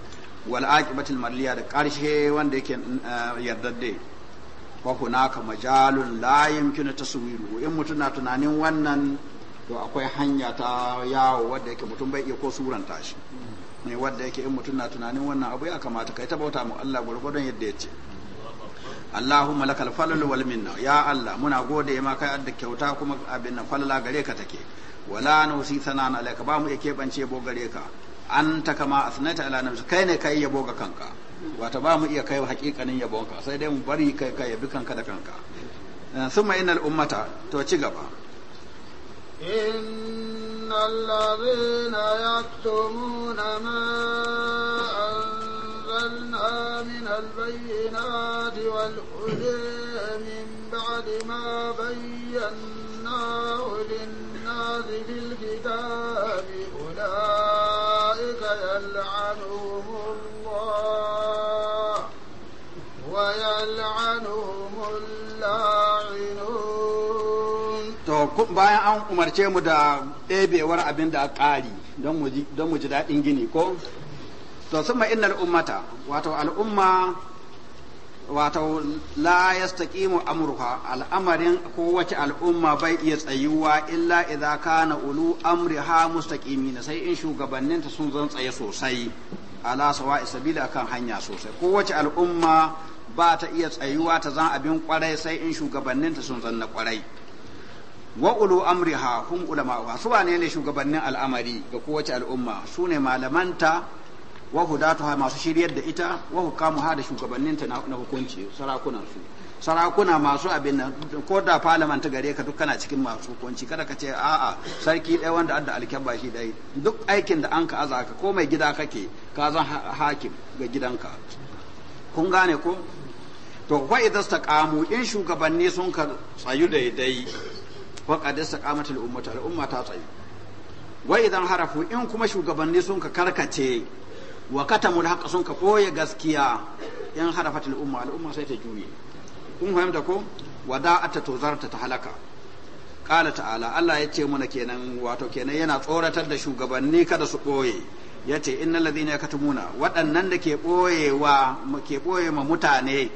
wal aqibatul marliya da karshe wanda yake eh, yardadde wa hunaka majalun layin kina taswiru in mutum na tunanin wannan to akwai hanya ta yawo wadda yake mutum bai iya ko suranta shi ne wadda yake in mutum na tunanin wannan abu ya kamata kai ta bauta mu Allah gurgurdon yadda ya ce Allahumma lakal falalu wal minna ya Allah muna gode ma kai adda kyauta kuma abin nan falala gare ka take wala nusi sanan alaika ba mu yake bance bo gare ka anta kama asnata ala nafsi kai ne kai yabo ga kanka wata ba mu iya kai hakikanin yabonka sai dai mu bari kai ka bi kanka da kanka eh, summa innal ummata to ci gaba innal ladhina yaktumuna ma anzalna min al wal huda min ba'di ma bayyana lin-nasi fil kitabi ulaika yal'anuhum ويلعنهم اللاعنون to bayan an umarce mu da ɗebewar abin da ƙari don mu ji daɗin gini ko to ma innal ummata wato al'umma wato la yastaqimu amruha al'amarin ko kowace al'umma bai iya tsayuwa illa idza kana ulu amriha mustaqimina sai in shugabanninta sun zan tsaye sosai ala sawa'i sabila kan hanya sosai ko kowace al'umma ba ta iya tsayuwa ta zan abin kwarai sai in shugabanninta sun zanna kwarai wa ulu amriha hum wa su wane ne shugabannin al'amari ga kowace al'umma su ne malamanta wa ha masu shiryar da ita wa ha da shugabanninta na hukunci sarakunan su sarakuna masu abin nan ko da parliament ta gare ka duk kana cikin masu hukunci kada ka ce a'a sarki ɗaya wanda adda alkyabba shi ɗaya duk aikin da an ka aza ka ko mai gida kake ka zan hakim ga gidanka kun gane ko to fa idza kamu in shugabanni sun ka tsayu daidai wa qad istaqamat al ummatu al umma ta tsayu wa idan harafu in kuma shugabanni sun ka karkace wa al haqq sun ka koye gaskiya in harafatul umma al umma sai ta juye kun fahimta ko wada'ata tozarta ta halaka qala ta'ala Allah ya ce mana kenan wato kenan yana tsoratar da shugabanni kada su ɓoye ya ce inna ladina ya katumuna waɗannan da ke ɓoyewa ke ɓoye ma mutane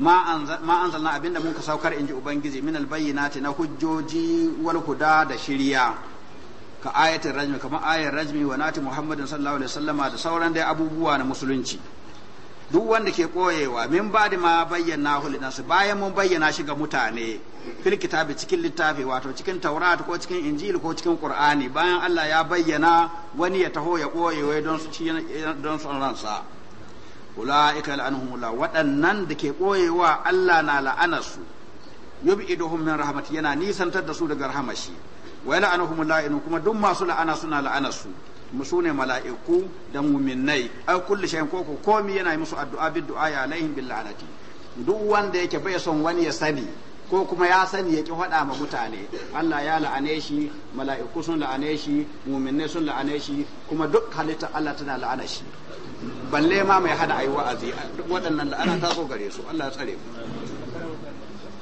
ma an zalna abin da ka saukar in ji ubangiji min ce na hujjoji wal huda da shirya ka ayatin rajmi kamar ayar rajmi wa nati muhammadin sallallahu alaihi wasallama da sauran dai abubuwa na musulunci duk wanda ke koyewa min ba da ma bayyana hulinansu bayan mun bayyana shi ga mutane fil kitabi cikin littafi wato cikin taurat ko cikin injil ko cikin qur'ani bayan Allah ya bayyana wani ya taho ya koye wai don su don su ransa ulaika la'anhumullah waɗannan da ke koyewa Allah na la'anasu yub'iduhum min rahmat yana nisantar da su daga rahmashi wa la'anahumullah kuma duk masu la'ana suna la'anasu musu ne mala'iku da muminai ai kulli shay'in ko komi yana musu addu'a bi du'a ya alaihim bil la'nati duk wanda yake bai son wani ya sani ko kuma ya sani ya ki faɗa ma mutane Allah ya la'ane shi mala'iku sun la'ane shi muminai sun la'ane shi kuma duk halitta Allah tana la'ana shi balle ma mai hada ayi wa'azi waɗannan la'ana ta zo gare su Allah ya tsare mu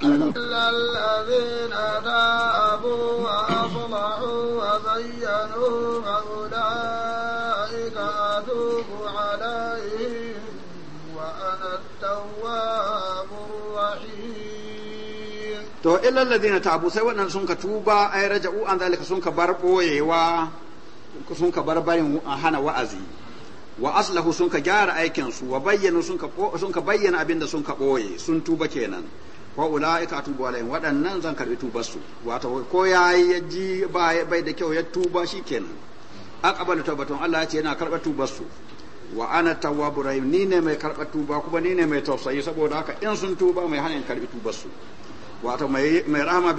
إلا الذين تابوا وأصلحوا وزينوا فأولئك أتوب عليهم وأنا التواب الرحيم to illa alladhina tabu sai waɗanda sun ka tuba ay raja'u an zalika bar sun ka bar barin hana wa'azi wa aslahu sun ka gyara aikinsu wa bayyana sun ka bayyana abin da sun ka boye sun tuba kenan wa ulaika atubu alaihim waɗannan zan karbi tubar su wato ko ya ji bai da kyau ya tuba shikenan aqbalu tawbatun Allah ya ce yana karɓar tubar su wa ana tawwabu rahim ni ne mai karɓar tuba kuma ni ne mai tausayi saboda haka in sun tuba mai hanyar karɓi tubar su wato mai rahama